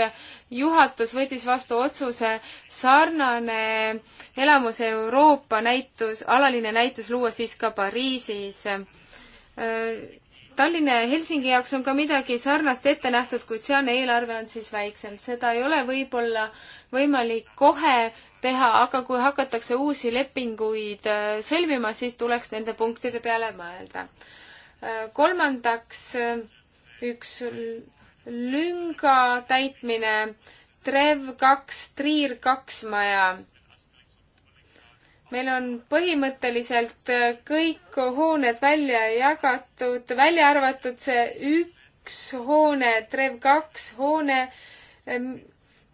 juhatus võttis vastu otsuse sarnane elamus Euroopa näitus, alaline näitus luua siis ka Pariisis äh, Tallinna ja Helsingi jaoks on ka midagi sarnast ette nähtud, kuid sealne eelarve on siis väiksem. seda ei ole võib-olla võimalik kohe teha, aga kui hakatakse uusi lepinguid äh, sõlmima, siis tuleks nende punktide peale mõelda. Äh, kolmandaks, äh, üks lünga täitmine, Trev kaks, Triir kaks maja meil on põhimõtteliselt äh, kõik hooned välja jagatud, välja arvatud see üks hoone, Trev kaks hoone. Ehm,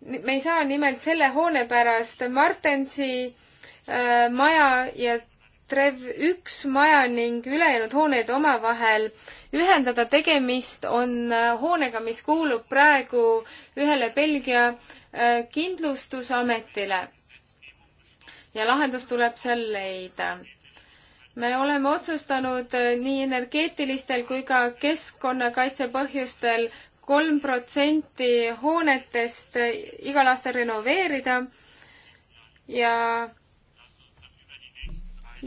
me ei saa nimelt selle hoone pärast Martensi äh, maja ja Trev üks maja ning ülejäänud hooneid omavahel ühendada. tegemist on äh, hoonega, mis kuulub praegu ühele Belgia äh, kindlustusametile ja lahendus tuleb seal leida. me oleme otsustanud eh, nii energeetilistel kui ka keskkonnakaitse põhjustel kolm protsenti hoonetest eh, igal aastal renoveerida ja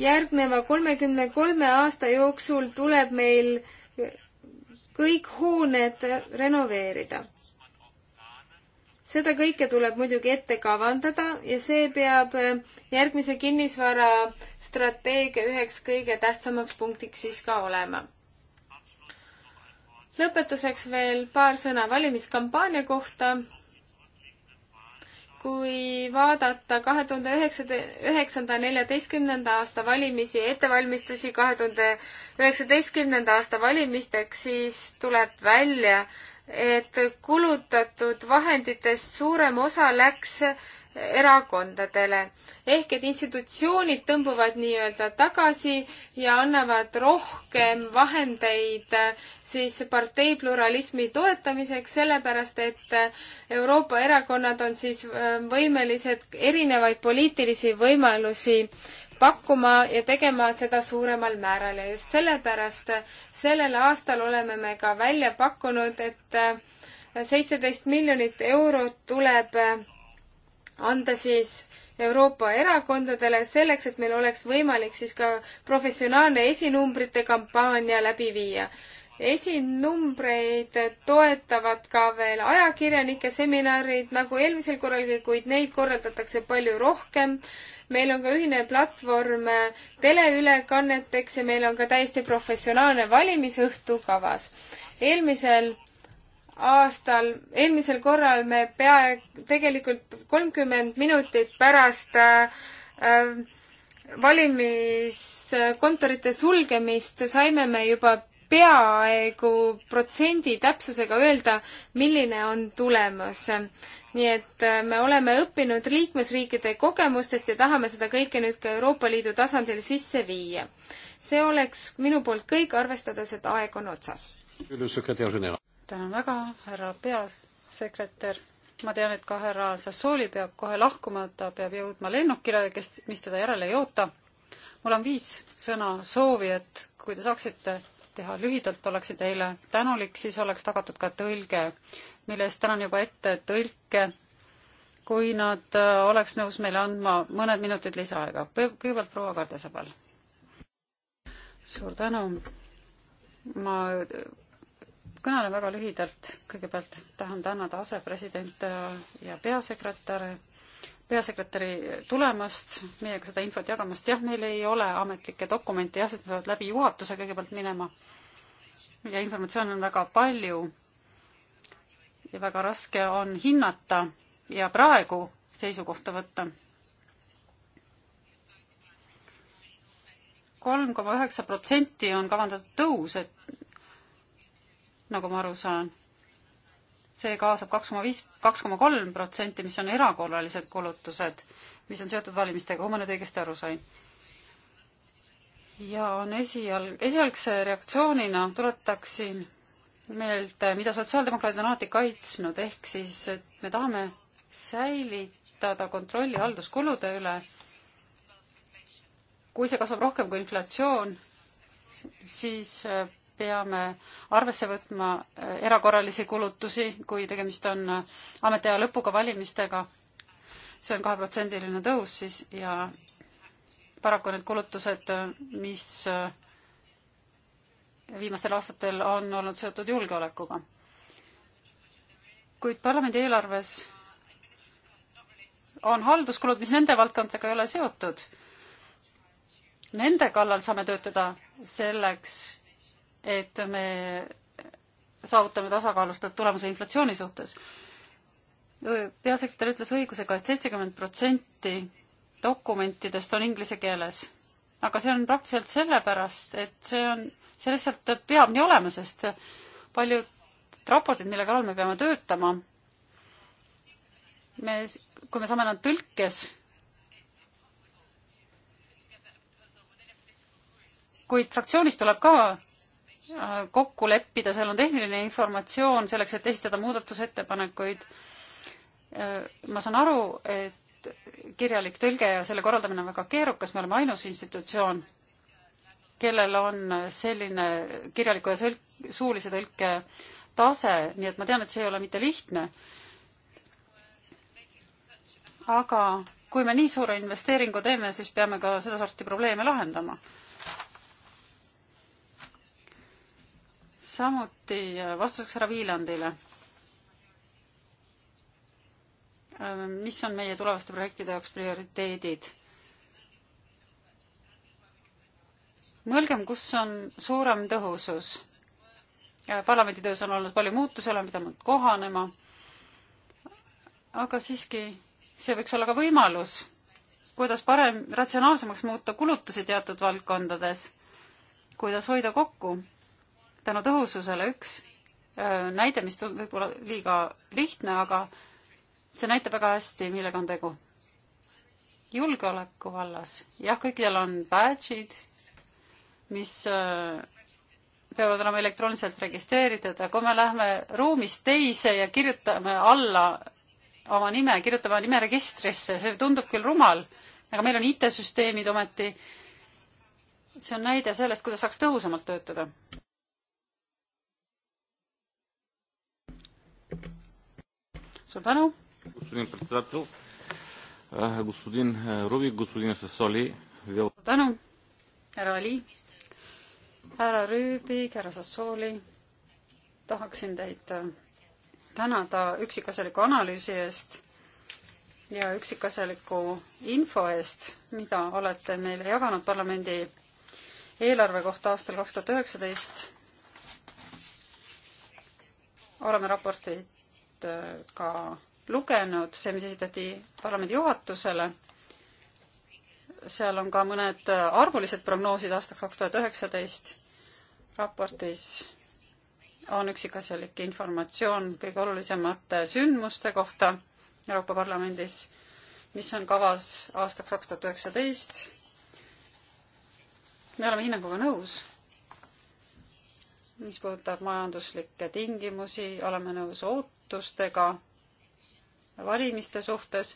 järgneva kolmekümne kolme aasta jooksul tuleb meil eh, kõik hooned renoveerida seda kõike tuleb muidugi ette kavandada ja see peab äh, järgmise kinnisvara strateegia üheks kõige tähtsamaks punktiks siis ka olema. lõpetuseks veel paar sõna valimiskampaania kohta. kui vaadata kahe tuhande üheksanda, üheksanda, neljateistkümnenda aasta valimisi ja ettevalmistusi kahe tuhande üheksateistkümnenda aasta valimisteks, siis tuleb välja, et kulutatud vahenditest suurem osa läks erakondadele. ehk et institutsioonid tõmbuvad nii-öelda tagasi ja annavad rohkem vahendeid siis partei pluralismi toetamiseks, sellepärast et Euroopa erakonnad on siis võimelised erinevaid poliitilisi võimalusi pakkuma ja tegema seda suuremal määral ja just sellepärast sellel aastal oleme me ka välja pakkunud, et äh, seitseteist miljonit eurot tuleb äh, anda siis Euroopa erakondadele selleks, et meil oleks võimalik siis ka professionaalne esinumbrite kampaania läbi viia esinumbreid toetavad ka veel ajakirjanike seminarid nagu eelmisel korralgi, kuid neid korraldatakse palju rohkem meil on ka ühine platvorm äh, teleülekanneteks ja meil on ka täiesti professionaalne valimisõhtu kavas. eelmisel aastal, eelmisel korral me pea, tegelikult kolmkümmend minutit pärast äh, äh valimiskontorite sulgemist saime me juba peaaegu protsendi täpsusega öelda, milline on tulemus. nii et äh, me oleme õppinud liikmesriikide kogemustest ja tahame seda kõike nüüd ka Euroopa Liidu tasandil sisse viia. see oleks minu poolt kõik, arvestades, et aeg on otsas. tänan väga, härra peasekretär. ma tean, et ka härra Sassooli peab kohe lahkuma, ta peab jõudma lennukile, kes, mis teda järele ei oota. mul on viis sõna soovijat, kui te saaksite teha lühidalt, oleksin teile tänulik, siis oleks tagatud ka tõlge, mille eest tänan juba ette tõlke, kui nad äh, oleks nõus meile andma mõned minutid lisaaega. kõigepealt proua Kardesabal. suur tänu. ma äh, kõnelen väga lühidalt, kõigepealt tahan tänada asepresidente ja peasekretäre peasekretäri tulemast, meiega seda infot jagamast, jah, meil ei ole ametlikke dokumente, jah, sest peavad läbi juhatuse kõigepealt minema. ja informatsiooni on väga palju ja väga raske on hinnata ja praegu seisukohta võtta. kolm koma üheksa protsenti on kavandatud tõus, et nagu ma aru saan see kaasab kaks koma viis, kaks koma kolm protsenti, mis on erakorralised kulutused, mis on seotud valimistega, kui ma nüüd õigesti aru sain. ja on esialg, esialgse reaktsioonina tuletaksin meelde, mida sotsiaaldemokraadid on alati kaitsnud, ehk siis, et me tahame säilitada kontrolli halduskulude üle. kui see kasvab rohkem kui inflatsioon, siis äh, peame arvesse võtma äh, erakorralisi kulutusi, kui tegemist on äh, ametiaja lõpuga valimistega, see on kaheprotsendiline tõus siis ja paraku need kulutused, äh, mis viimastel aastatel on olnud seotud julgeolekuga. kuid parlamendi eelarves on halduskulud, mis nende valdkondadega ei ole seotud. Nende kallal saame töötada selleks, et me saavutame tasakaalustatud tulemuse inflatsiooni suhtes. peasekretär ütles õigusega et, et seitsekümmend protsenti dokumentidest on inglise keeles. aga see on praktiliselt sellepärast, et see on, see lihtsalt peab nii olema, sest paljud raportid, mille kallal me peame töötama, me, kui me saame nad tõlkes, kuid fraktsioonis tuleb ka kokku leppida, seal on tehniline informatsioon selleks, et esitada muudatusettepanekuid. Äh, ma saan aru, et kirjalik tõlge ja selle korraldamine on väga keerukas, me oleme ainus institutsioon, kellel on selline kirjaliku ja sõlk, suulise tõlke tase, nii et ma tean, et see ei ole mitte lihtne. aga kui me nii suure investeeringu teeme, siis peame ka sedasorti probleeme lahendama samuti vastuseks härra Viilandile. mis on meie tulevaste projektide jaoks prioriteedid? mõelgem, kus on suurem tõhusus. parlamendi töös on olnud palju muutusi, oleme pidanud kohanema. aga siiski, see võiks olla ka võimalus, kuidas parem, ratsionaalsemaks muuta kulutusi teatud valdkondades, kuidas hoida kokku tänu tõhususele üks näide, mis tundub võib-olla liiga lihtne, aga see näitab väga hästi, millega on tegu. julgeoleku vallas, jah, kõikidel on badge'id, mis peavad olema elektrooniliselt registreeritud, aga kui me lähme ruumist teise ja kirjutame alla oma nime, kirjutame nime registrisse, see tundub küll rumal, aga meil on IT-süsteemid ometi. see on näide sellest, kuidas saaks tõhusamalt töötada. suur tänu. suur tänu, härra Ali, härra Rüübik, härra Sassooli. tahaksin teid äh, tänada üksikasjaliku analüüsi eest ja üksikasjaliku info eest, mida olete meile jaganud parlamendi eelarve kohta aastal kaks tuhat üheksateist. oleme raporti oled äh, ka lugenud, see, mis esitati parlamendi juhatusele, seal on ka mõned äh, arvulised prognoosid aastaks kaks tuhat üheksateist. raportis on üksikasjalik informatsioon kõige olulisemate sündmuste kohta Euroopa Parlamendis, mis on kavas aastaks kaks tuhat üheksateist. me oleme hinnanguga nõus mis puudutab majanduslikke tingimusi, oleme nõus oot-, ootustega valimiste suhtes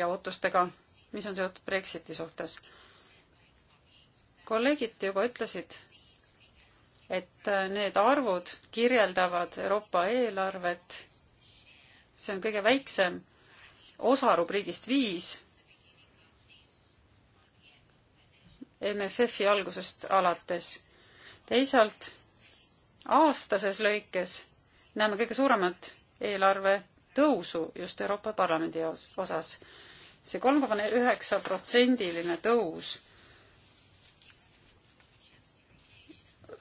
ja ootustega, mis on seotud Brexiti suhtes. kolleegid juba ütlesid, et need arvud kirjeldavad Euroopa eelarvet, see on kõige väiksem osa rubriigist viis MFF-i algusest alates. teisalt aastases lõikes näeme kõige suuremat eelarve tõusu just Euroopa Parlamendi osas. see kolm koma üheksa protsendiline tõus,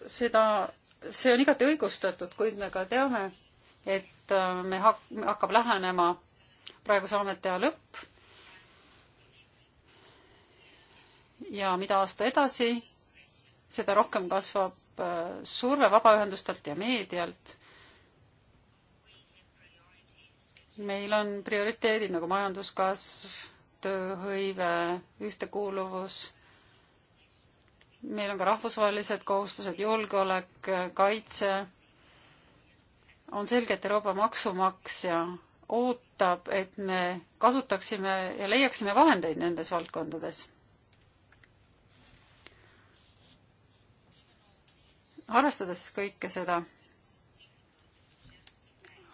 seda, see on igati õigustatud, kuid me ka teame, et äh, me hak-, hakkab lähenema praeguse ametiaja lõpp ja mida aasta edasi, seda rohkem kasvab äh, surve vabaühendustelt ja meedialt meil on prioriteedid nagu majanduskasv, tööhõive, ühtekuuluvus. meil on ka rahvusvahelised kohustused, julgeolek, kaitse. on selge, et Euroopa maksumaksja ootab, et me kasutaksime ja leiaksime vahendeid nendes valdkondades arvestades kõike seda,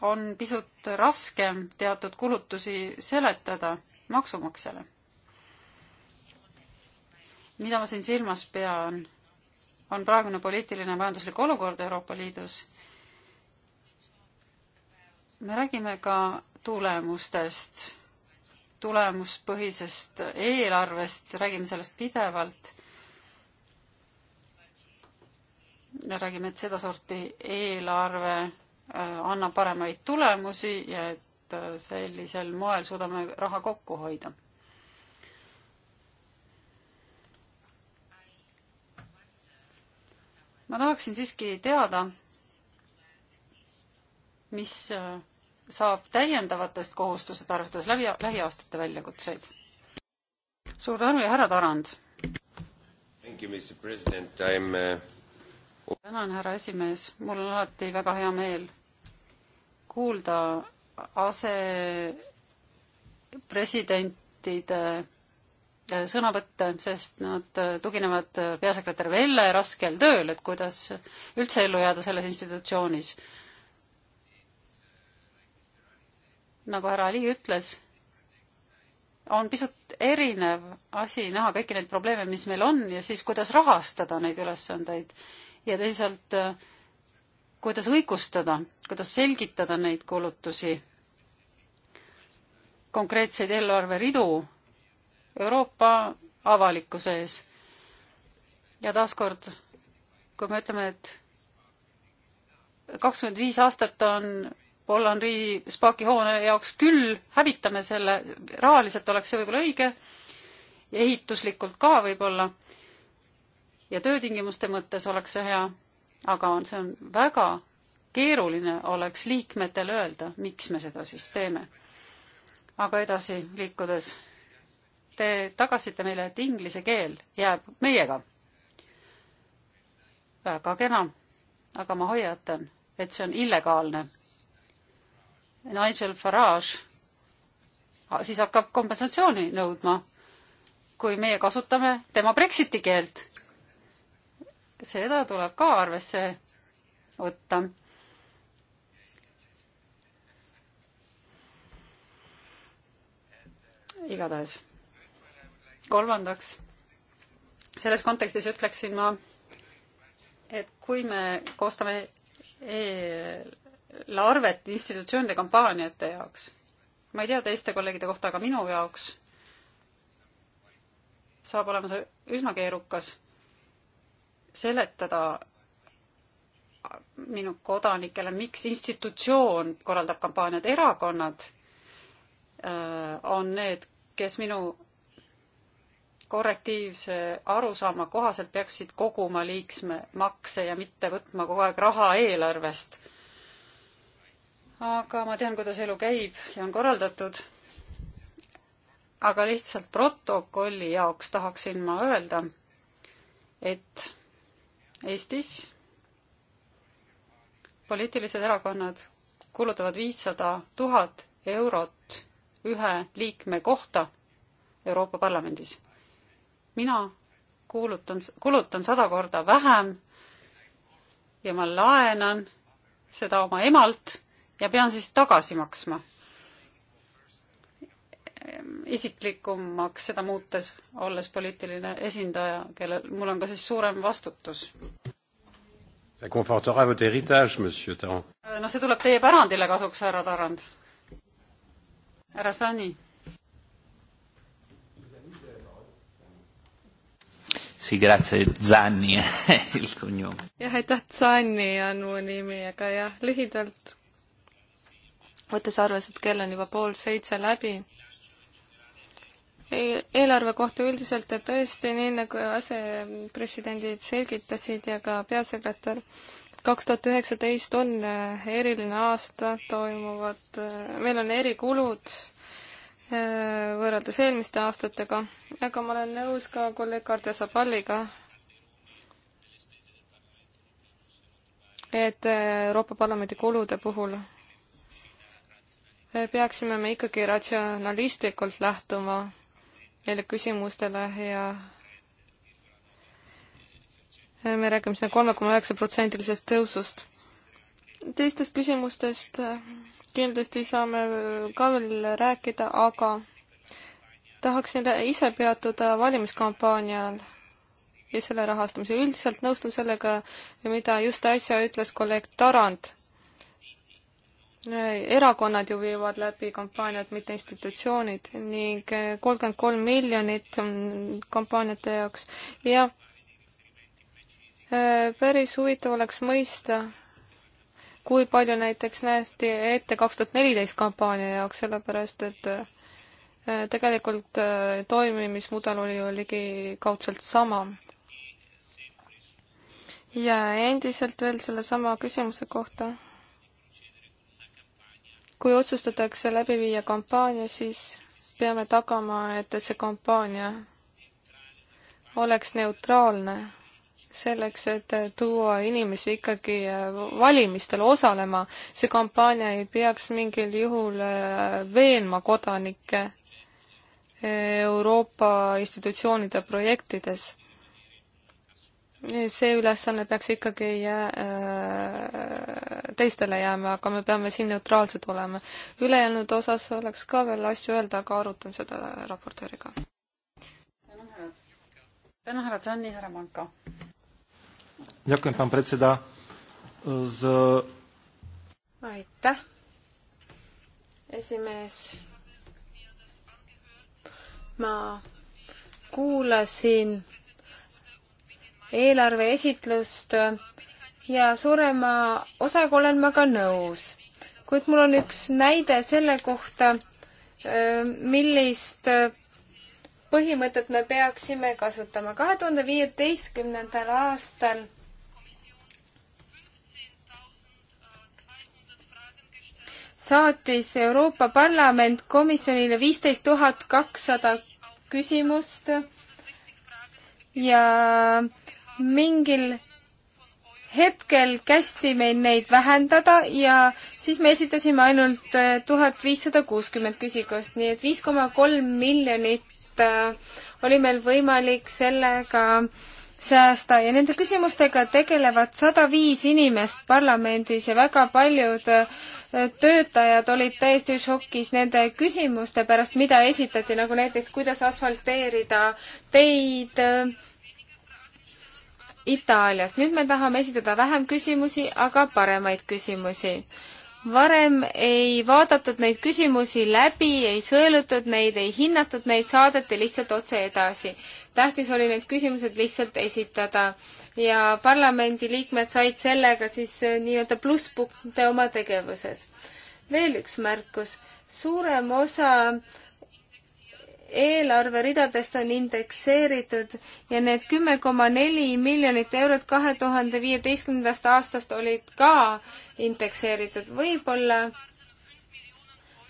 on pisut raskem teatud kulutusi seletada maksumaksjale. mida ma siin silmas pean, on praegune poliitiline majanduslik olukord Euroopa Liidus. me räägime ka tulemustest, tulemuspõhisest eelarvest, räägime sellest pidevalt räägime, et sedasorti eelarve Äh, annab paremaid tulemusi ja et äh, sellisel moel suudame raha kokku hoida. ma tahaksin siiski teada, mis äh, saab täiendavatest kohustused, arvestades läbi, lähiaastate väljakutseid. suur tänu ja härra Tarand! Uh, tänan, härra esimees, mul on alati väga hea meel kuulda asepresidentide äh, sõnavõtte, sest nad äh, tuginevad äh, peasekretär Velle raskel tööl, et kuidas üldse ellu jääda selles institutsioonis. nagu härra Ali ütles, on pisut erinev asi näha kõiki neid probleeme, mis meil on ja siis kuidas rahastada neid ülesandeid ja teisalt äh, kuidas õigustada, kuidas selgitada neid kulutusi, konkreetseid eelarveridu Euroopa avalikkuse ees. ja taaskord, kui me ütleme, et kakskümmend viis aastat on Pollanri Spaki hoone jaoks küll, hävitame selle, rahaliselt oleks see võib-olla õige ja ehituslikult ka võib-olla, ja töötingimuste mõttes oleks see hea aga on, see on väga keeruline oleks liikmetel öelda, miks me seda siis teeme. aga edasi liikudes, te tagasite meile, et inglise keel jääb meiega. väga kena, aga ma hoiatan, et see on illegaalne. Nigel Farage siis hakkab kompensatsiooni nõudma, kui meie kasutame tema Brexiti keelt seda tuleb ka arvesse võtta. igatahes. kolmandaks, selles kontekstis ütleksin ma, et kui me koostame eelarvet institutsioonide kampaaniate jaoks, ma ei tea teiste kolleegide kohta, aga minu jaoks saab olema see üsna keerukas seletada minu kodanikele, miks institutsioon korraldab kampaaniat, erakonnad äh, on need, kes minu korrektiivse arusaama kohaselt peaksid koguma liiksme makse ja mitte võtma kogu aeg raha eelarvest. aga ma tean, kuidas elu käib ja on korraldatud. aga lihtsalt protokolli jaoks tahaksin ma öelda, et Eestis poliitilised erakonnad kulutavad viissada tuhat eurot ühe liikme kohta Euroopa Parlamendis. mina kuulutan, kulutan sada korda vähem ja ma laenan seda oma emalt ja pean siis tagasi maksma isiklikumaks seda muutes, olles poliitiline esindaja, kellel, mul on ka siis suurem vastutus. no see tuleb teie pärandile kasuks, härra Tarand. härra Sani. <laughs> jah, aitäh, Zanni on mu nimi, aga jah, lühidalt, võttes arvesse, et kell on juba pool seitse läbi eelarve kohta üldiselt, et tõesti, nii nagu asepresidendid selgitasid ja ka peasekretär, kaks tuhat üheksateist on äh, eriline aasta, toimuvad, äh, meil on erikulud äh, võrreldes eelmiste aastatega, aga ma olen nõus ka kolleeg Kardja Zapalliga, et Euroopa Parlamendi kulude puhul peaksime me ikkagi ratsionalistlikult lähtuma neile küsimustele ja me räägime siin kolme koma üheksa protsendilisest tõusust. teistest küsimustest äh, kindlasti saame äh, ka veel rääkida, aga tahaksin ise peatuda valimiskampaanial ja selle rahastamise. üldiselt nõustun sellega, mida just äsja ütles kolleeg Tarand erakonnad ju viivad läbi kampaaniat, mitte institutsioonid ning kolmkümmend kolm miljonit kampaaniate jaoks ja äh, päris huvitav oleks mõista, kui palju näiteks nähti ette kaks tuhat neliteist kampaania jaoks, sellepärast et äh, tegelikult äh, toimimismudel oli ju ligikaudselt sama. ja endiselt veel sellesama küsimuse kohta kui otsustatakse läbi viia kampaania, siis peame tagama, et see kampaania oleks neutraalne selleks, et tuua inimesi ikkagi äh, valimistel osalema. see kampaania ei peaks mingil juhul äh, veenma kodanikke äh, Euroopa institutsioonide projektides. see ülesanne peaks ikkagi jää, teistele jääme, aga me peame siin neutraalsed olema. ülejäänud osas oleks ka veel asju öelda, aga arutan seda raportööriga. tänan, härra Tsanni, härra Manka. aitäh, esimees. ma kuulasin eelarve esitlust ja suurema osaga olen ma ka nõus. kuid mul on üks näide selle kohta, millist põhimõtet me peaksime kasutama. kahe tuhande viieteistkümnendal aastal saatis Euroopa Parlament komisjonile viisteist tuhat kakssada küsimust ja mingil hetkel kästi meil neid vähendada ja siis me esitasime ainult äh, tuhat viissada kuuskümmend küsimust, nii et viis koma kolm miljonit äh, oli meil võimalik sellega säästa ja nende küsimustega tegelevad sada viis inimest parlamendis ja väga paljud äh, töötajad olid täiesti šokis nende küsimuste pärast, mida esitati, nagu näiteks, kuidas asfalteerida teid, Itaalias. nüüd me tahame esitada vähem küsimusi, aga paremaid küsimusi. varem ei vaadatud neid küsimusi läbi, ei sõelutud neid, ei hinnatud neid, saadeti lihtsalt otse edasi. tähtis oli need küsimused lihtsalt esitada ja parlamendiliikmed said sellega siis äh, nii-öelda plusspunkte oma tegevuses. veel üks märkus, suurem osa eelarveridadest on indekseeritud ja need kümme koma neli miljonit eurot kahe tuhande viieteistkümnendast aastast olid ka indekseeritud. võib-olla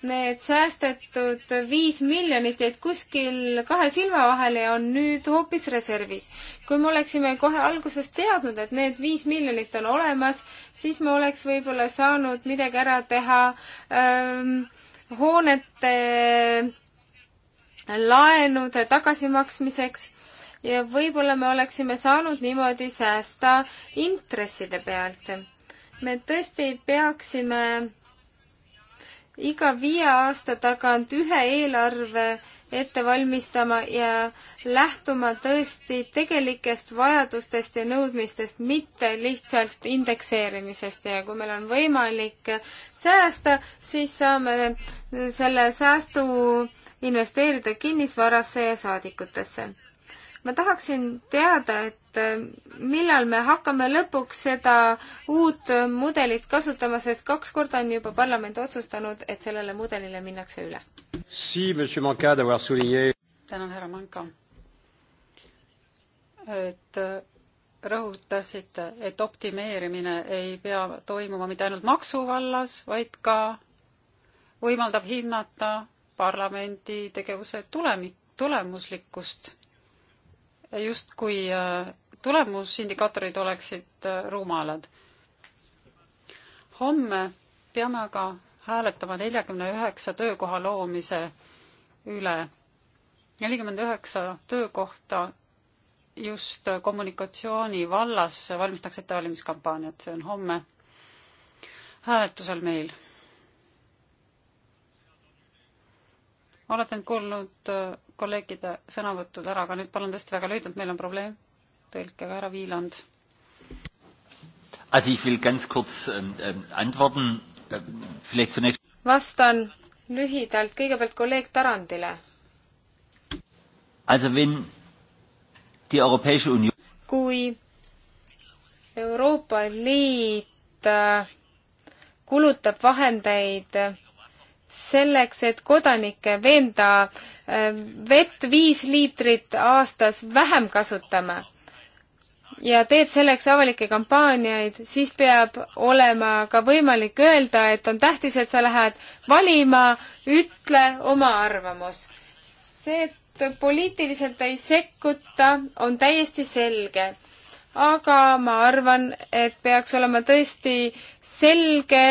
need säästetud viis miljonit jäid kuskil kahe silma vahele ja on nüüd hoopis reservis. kui me oleksime kohe alguses teadnud, et need viis miljonit on olemas, siis me oleks võib-olla saanud midagi ära teha ähm, hoonete laenude tagasimaksmiseks ja võib-olla me oleksime saanud niimoodi säästa intresside pealt. me tõesti peaksime iga viie aasta tagant ühe eelarve ette valmistama ja lähtuma tõesti tegelikest vajadustest ja nõudmistest, mitte lihtsalt indekseerimisest ja kui meil on võimalik säästa, siis saame selle säästu investeerida kinnisvarasse ja saadikutesse. ma tahaksin teada, et äh, millal me hakkame lõpuks seda uut mudelit kasutama, sest kaks korda on juba parlament otsustanud, et sellele mudelile minnakse üle si,. tänan, härra Manka. et äh, rõhutasite, et optimeerimine ei pea toimuma mitte ainult maksu vallas, vaid ka võimaldab hinnata parlamendi tegevuse tulemi-, tulemuslikkust. justkui äh, tulemusindikaatorid oleksid äh, rumalad. homme peame aga hääletama neljakümne üheksa töökoha loomise üle. nelikümmend üheksa töökohta just kommunikatsiooni vallas valmistatakse ette valimiskampaaniat, see on homme hääletusel meil. olete nüüd kuulnud äh, kolleegide sõnavõtud ära, aga nüüd palun tõesti väga lühidalt, meil on probleem tõlkega, härra Viiland. Ähm, ähm, äh, vastan lühidalt kõigepealt kolleeg Tarandile. kui Euroopa Liit äh, kulutab vahendeid selleks, et kodanikke veenda äh, vett viis liitrit aastas vähem kasutama ja teeb selleks avalikke kampaaniaid, siis peab olema ka võimalik öelda, et on tähtis, et sa lähed valima, ütle oma arvamus. see, et poliitiliselt ei sekkuta, on täiesti selge. aga ma arvan, et peaks olema tõesti selge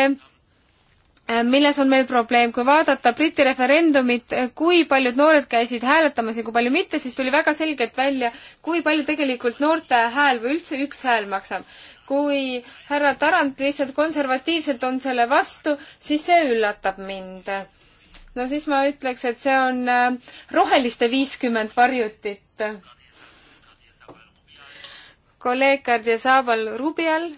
Äh, milles on meil probleem, kui vaadata Briti referendumit, äh, kui paljud noored käisid hääletamas ja kui palju mitte, siis tuli väga selgelt välja, kui palju tegelikult noorte hääl või üldse üks hääl maksab. kui härra Tarand lihtsalt konservatiivselt on selle vastu, siis see üllatab mind. no siis ma ütleks, et see on äh, roheliste viiskümmend varjutit. kolleeg Kardia Saabal Rubial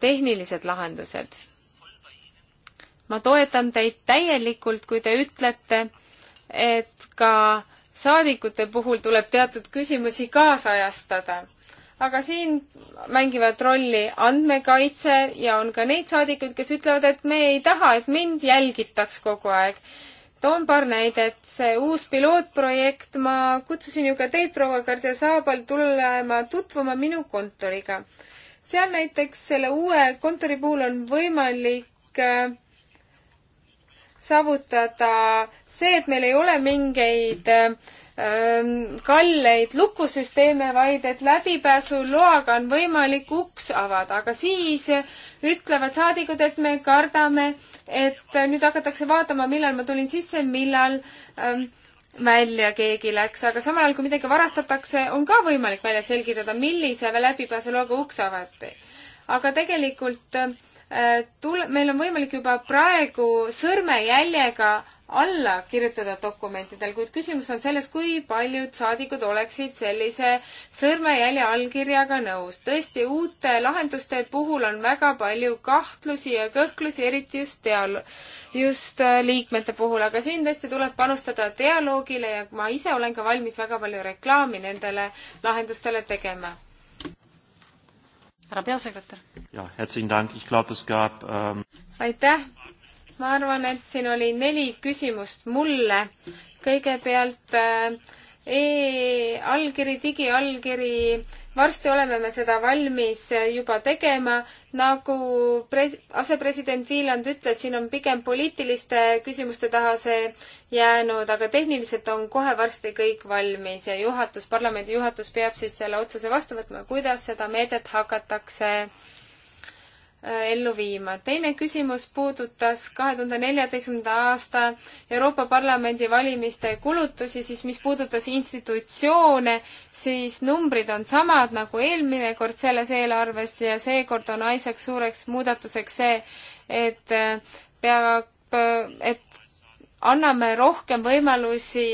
tehnilised lahendused. ma toetan teid täielikult, kui te ütlete, et ka saadikute puhul tuleb teatud küsimusi kaasajastada. aga siin mängivad rolli andmekaitse ja on ka neid saadikuid, kes ütlevad, et me ei taha, et mind jälgitaks kogu aeg. toon paar näidet, see uus pilootprojekt, ma kutsusin ju ka teid, proua Kardiasaabal, tulema tutvuma minu kontoriga seal näiteks selle uue kontori puhul on võimalik äh, saavutada see, et meil ei ole mingeid ähm, kalleid lukusüsteeme, vaid et läbipääsuloaga on võimalik uks avada, aga siis ütlevad saadikud, et me kardame, et nüüd hakatakse vaatama, millal ma tulin sisse, millal ähm, välja keegi läks, aga samal ajal, kui midagi varastatakse, on ka võimalik välja selgitada, millise läbipääsulooga uks avati. aga tegelikult äh, tul-, meil on võimalik juba praegu sõrmejäljega alla kirjutada dokumentidel, kuid küsimus on selles, kui paljud saadikud oleksid sellise sõrmejälje allkirjaga nõus. tõesti, uute lahenduste puhul on väga palju kahtlusi ja kõhklusi, eriti just dial-, just äh, liikmete puhul, aga siin tõesti tuleb panustada dialoogile ja ma ise olen ka valmis väga palju reklaami nendele lahendustele tegema. härra peasekretär. jah, ähm, aitäh ma arvan, et siin oli neli küsimust mulle. kõigepealt äh, e-allkiri, digiallkiri, varsti oleme me seda valmis äh, juba tegema. nagu pres-, asepresident Wieland ütles, siin on pigem poliitiliste küsimuste taha see jäänud, aga tehniliselt on kohe varsti kõik valmis ja juhatus, parlamendi juhatus peab siis selle otsuse vastu võtma, kuidas seda meedet hakatakse äh, Äh, ellu viima. teine küsimus puudutas kahe tuhande neljateistkümnenda aasta Euroopa Parlamendi valimiste kulutusi, siis mis puudutas institutsioone, siis numbrid on samad nagu eelmine kord selles eelarves ja seekord on ainsaks suureks muudatuseks see, et äh, peab, äh, et anname rohkem võimalusi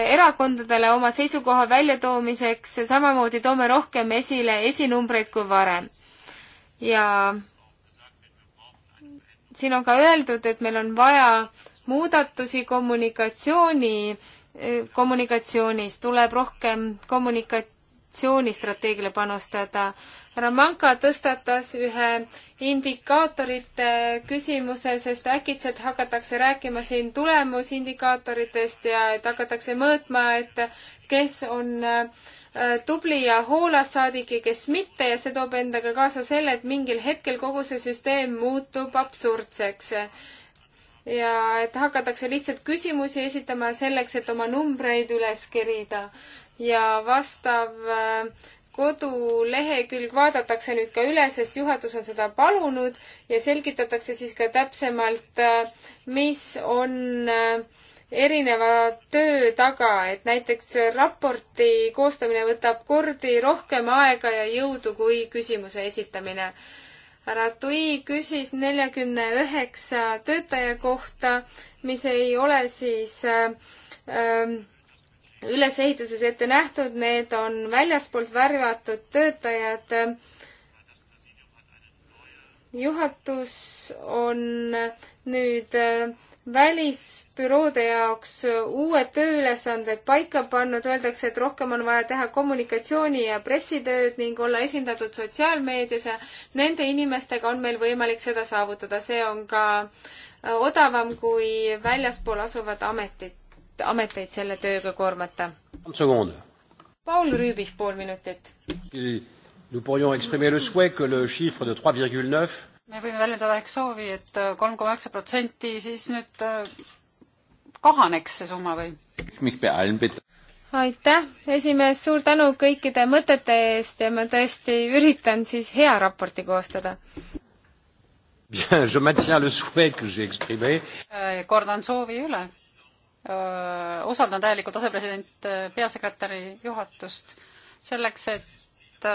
erakondadele oma seisukoha väljatoomiseks, samamoodi toome rohkem esile esinumbreid kui varem. ja siin on ka öeldud, et meil on vaja muudatusi kommunikatsiooni, eh, kommunikatsioonis, tuleb rohkem kommunikatsioonistrateegiale panustada. härra Manka tõstatas ühe indikaatorite küsimuse, sest äkitselt hakatakse rääkima siin tulemusindikaatoritest ja et hakatakse mõõtma, et kes on äh, Äh, tubli ja hoolas saadike, kes mitte ja see toob endaga kaasa selle, et mingil hetkel kogu see süsteem muutub absurdseks. ja et hakatakse lihtsalt küsimusi esitama selleks, et oma numbreid üles kerida ja vastav äh, kodulehekülg vaadatakse nüüd ka üle, sest juhatus on seda palunud ja selgitatakse siis ka täpsemalt, äh, mis on äh, erineva töö taga, et näiteks raporti koostamine võtab kordi rohkem aega ja jõudu kui küsimuse esitamine. härra Tui küsis neljakümne üheksa töötaja kohta, mis ei ole siis äh, äh ülesehituses ette nähtud, need on väljaspoolt värvatud töötajad. juhatus on nüüd äh, välisbüroode jaoks uued tööülesanded paika pannud, öeldakse, et rohkem on vaja teha kommunikatsiooni ja pressitööd ning olla esindatud sotsiaalmeedias ja nende inimestega on meil võimalik seda saavutada, see on ka äh, odavam kui väljaspool asuvad ametid, ameteid selle tööga koormata. Paul Rüübich, pool minutit. Nous pourrions exprimer le souhait que le chiffre de 3,9 me võime väljendada ehk soovi et, et kolm koma üheksa protsenti siis nüüd äh, kahaneks see summa või? aitäh, esimees, suur tänu kõikide mõtete eest ja ma tõesti üritan siis hea raporti koostada. Äh, kordan soovi üle. Äh, usaldan täielikult asepresident peasekretäri juhatust selleks, et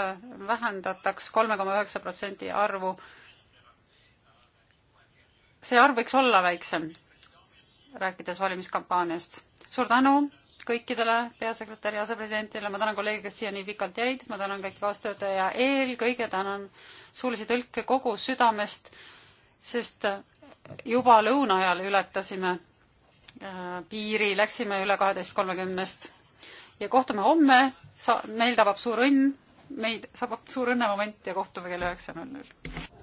vähendataks kolme koma üheksa protsendi arvu see arv võiks olla väiksem, rääkides valimiskampaaniast. suur tänu kõikidele peasekretäri asepresidentidele, ma tänan kolleege, kes siia nii pikalt jäid, ma tänan kõiki kaastöötaja ja eelkõige tänan suulisi tõlke kogu südamest, sest juba lõuna ajal ületasime äh, piiri, läksime üle kaheteist kolmekümnest ja kohtume homme, sa-, meil tabab suur õnn, meid sabab suur õnnemoment ja kohtume kell üheksa null null.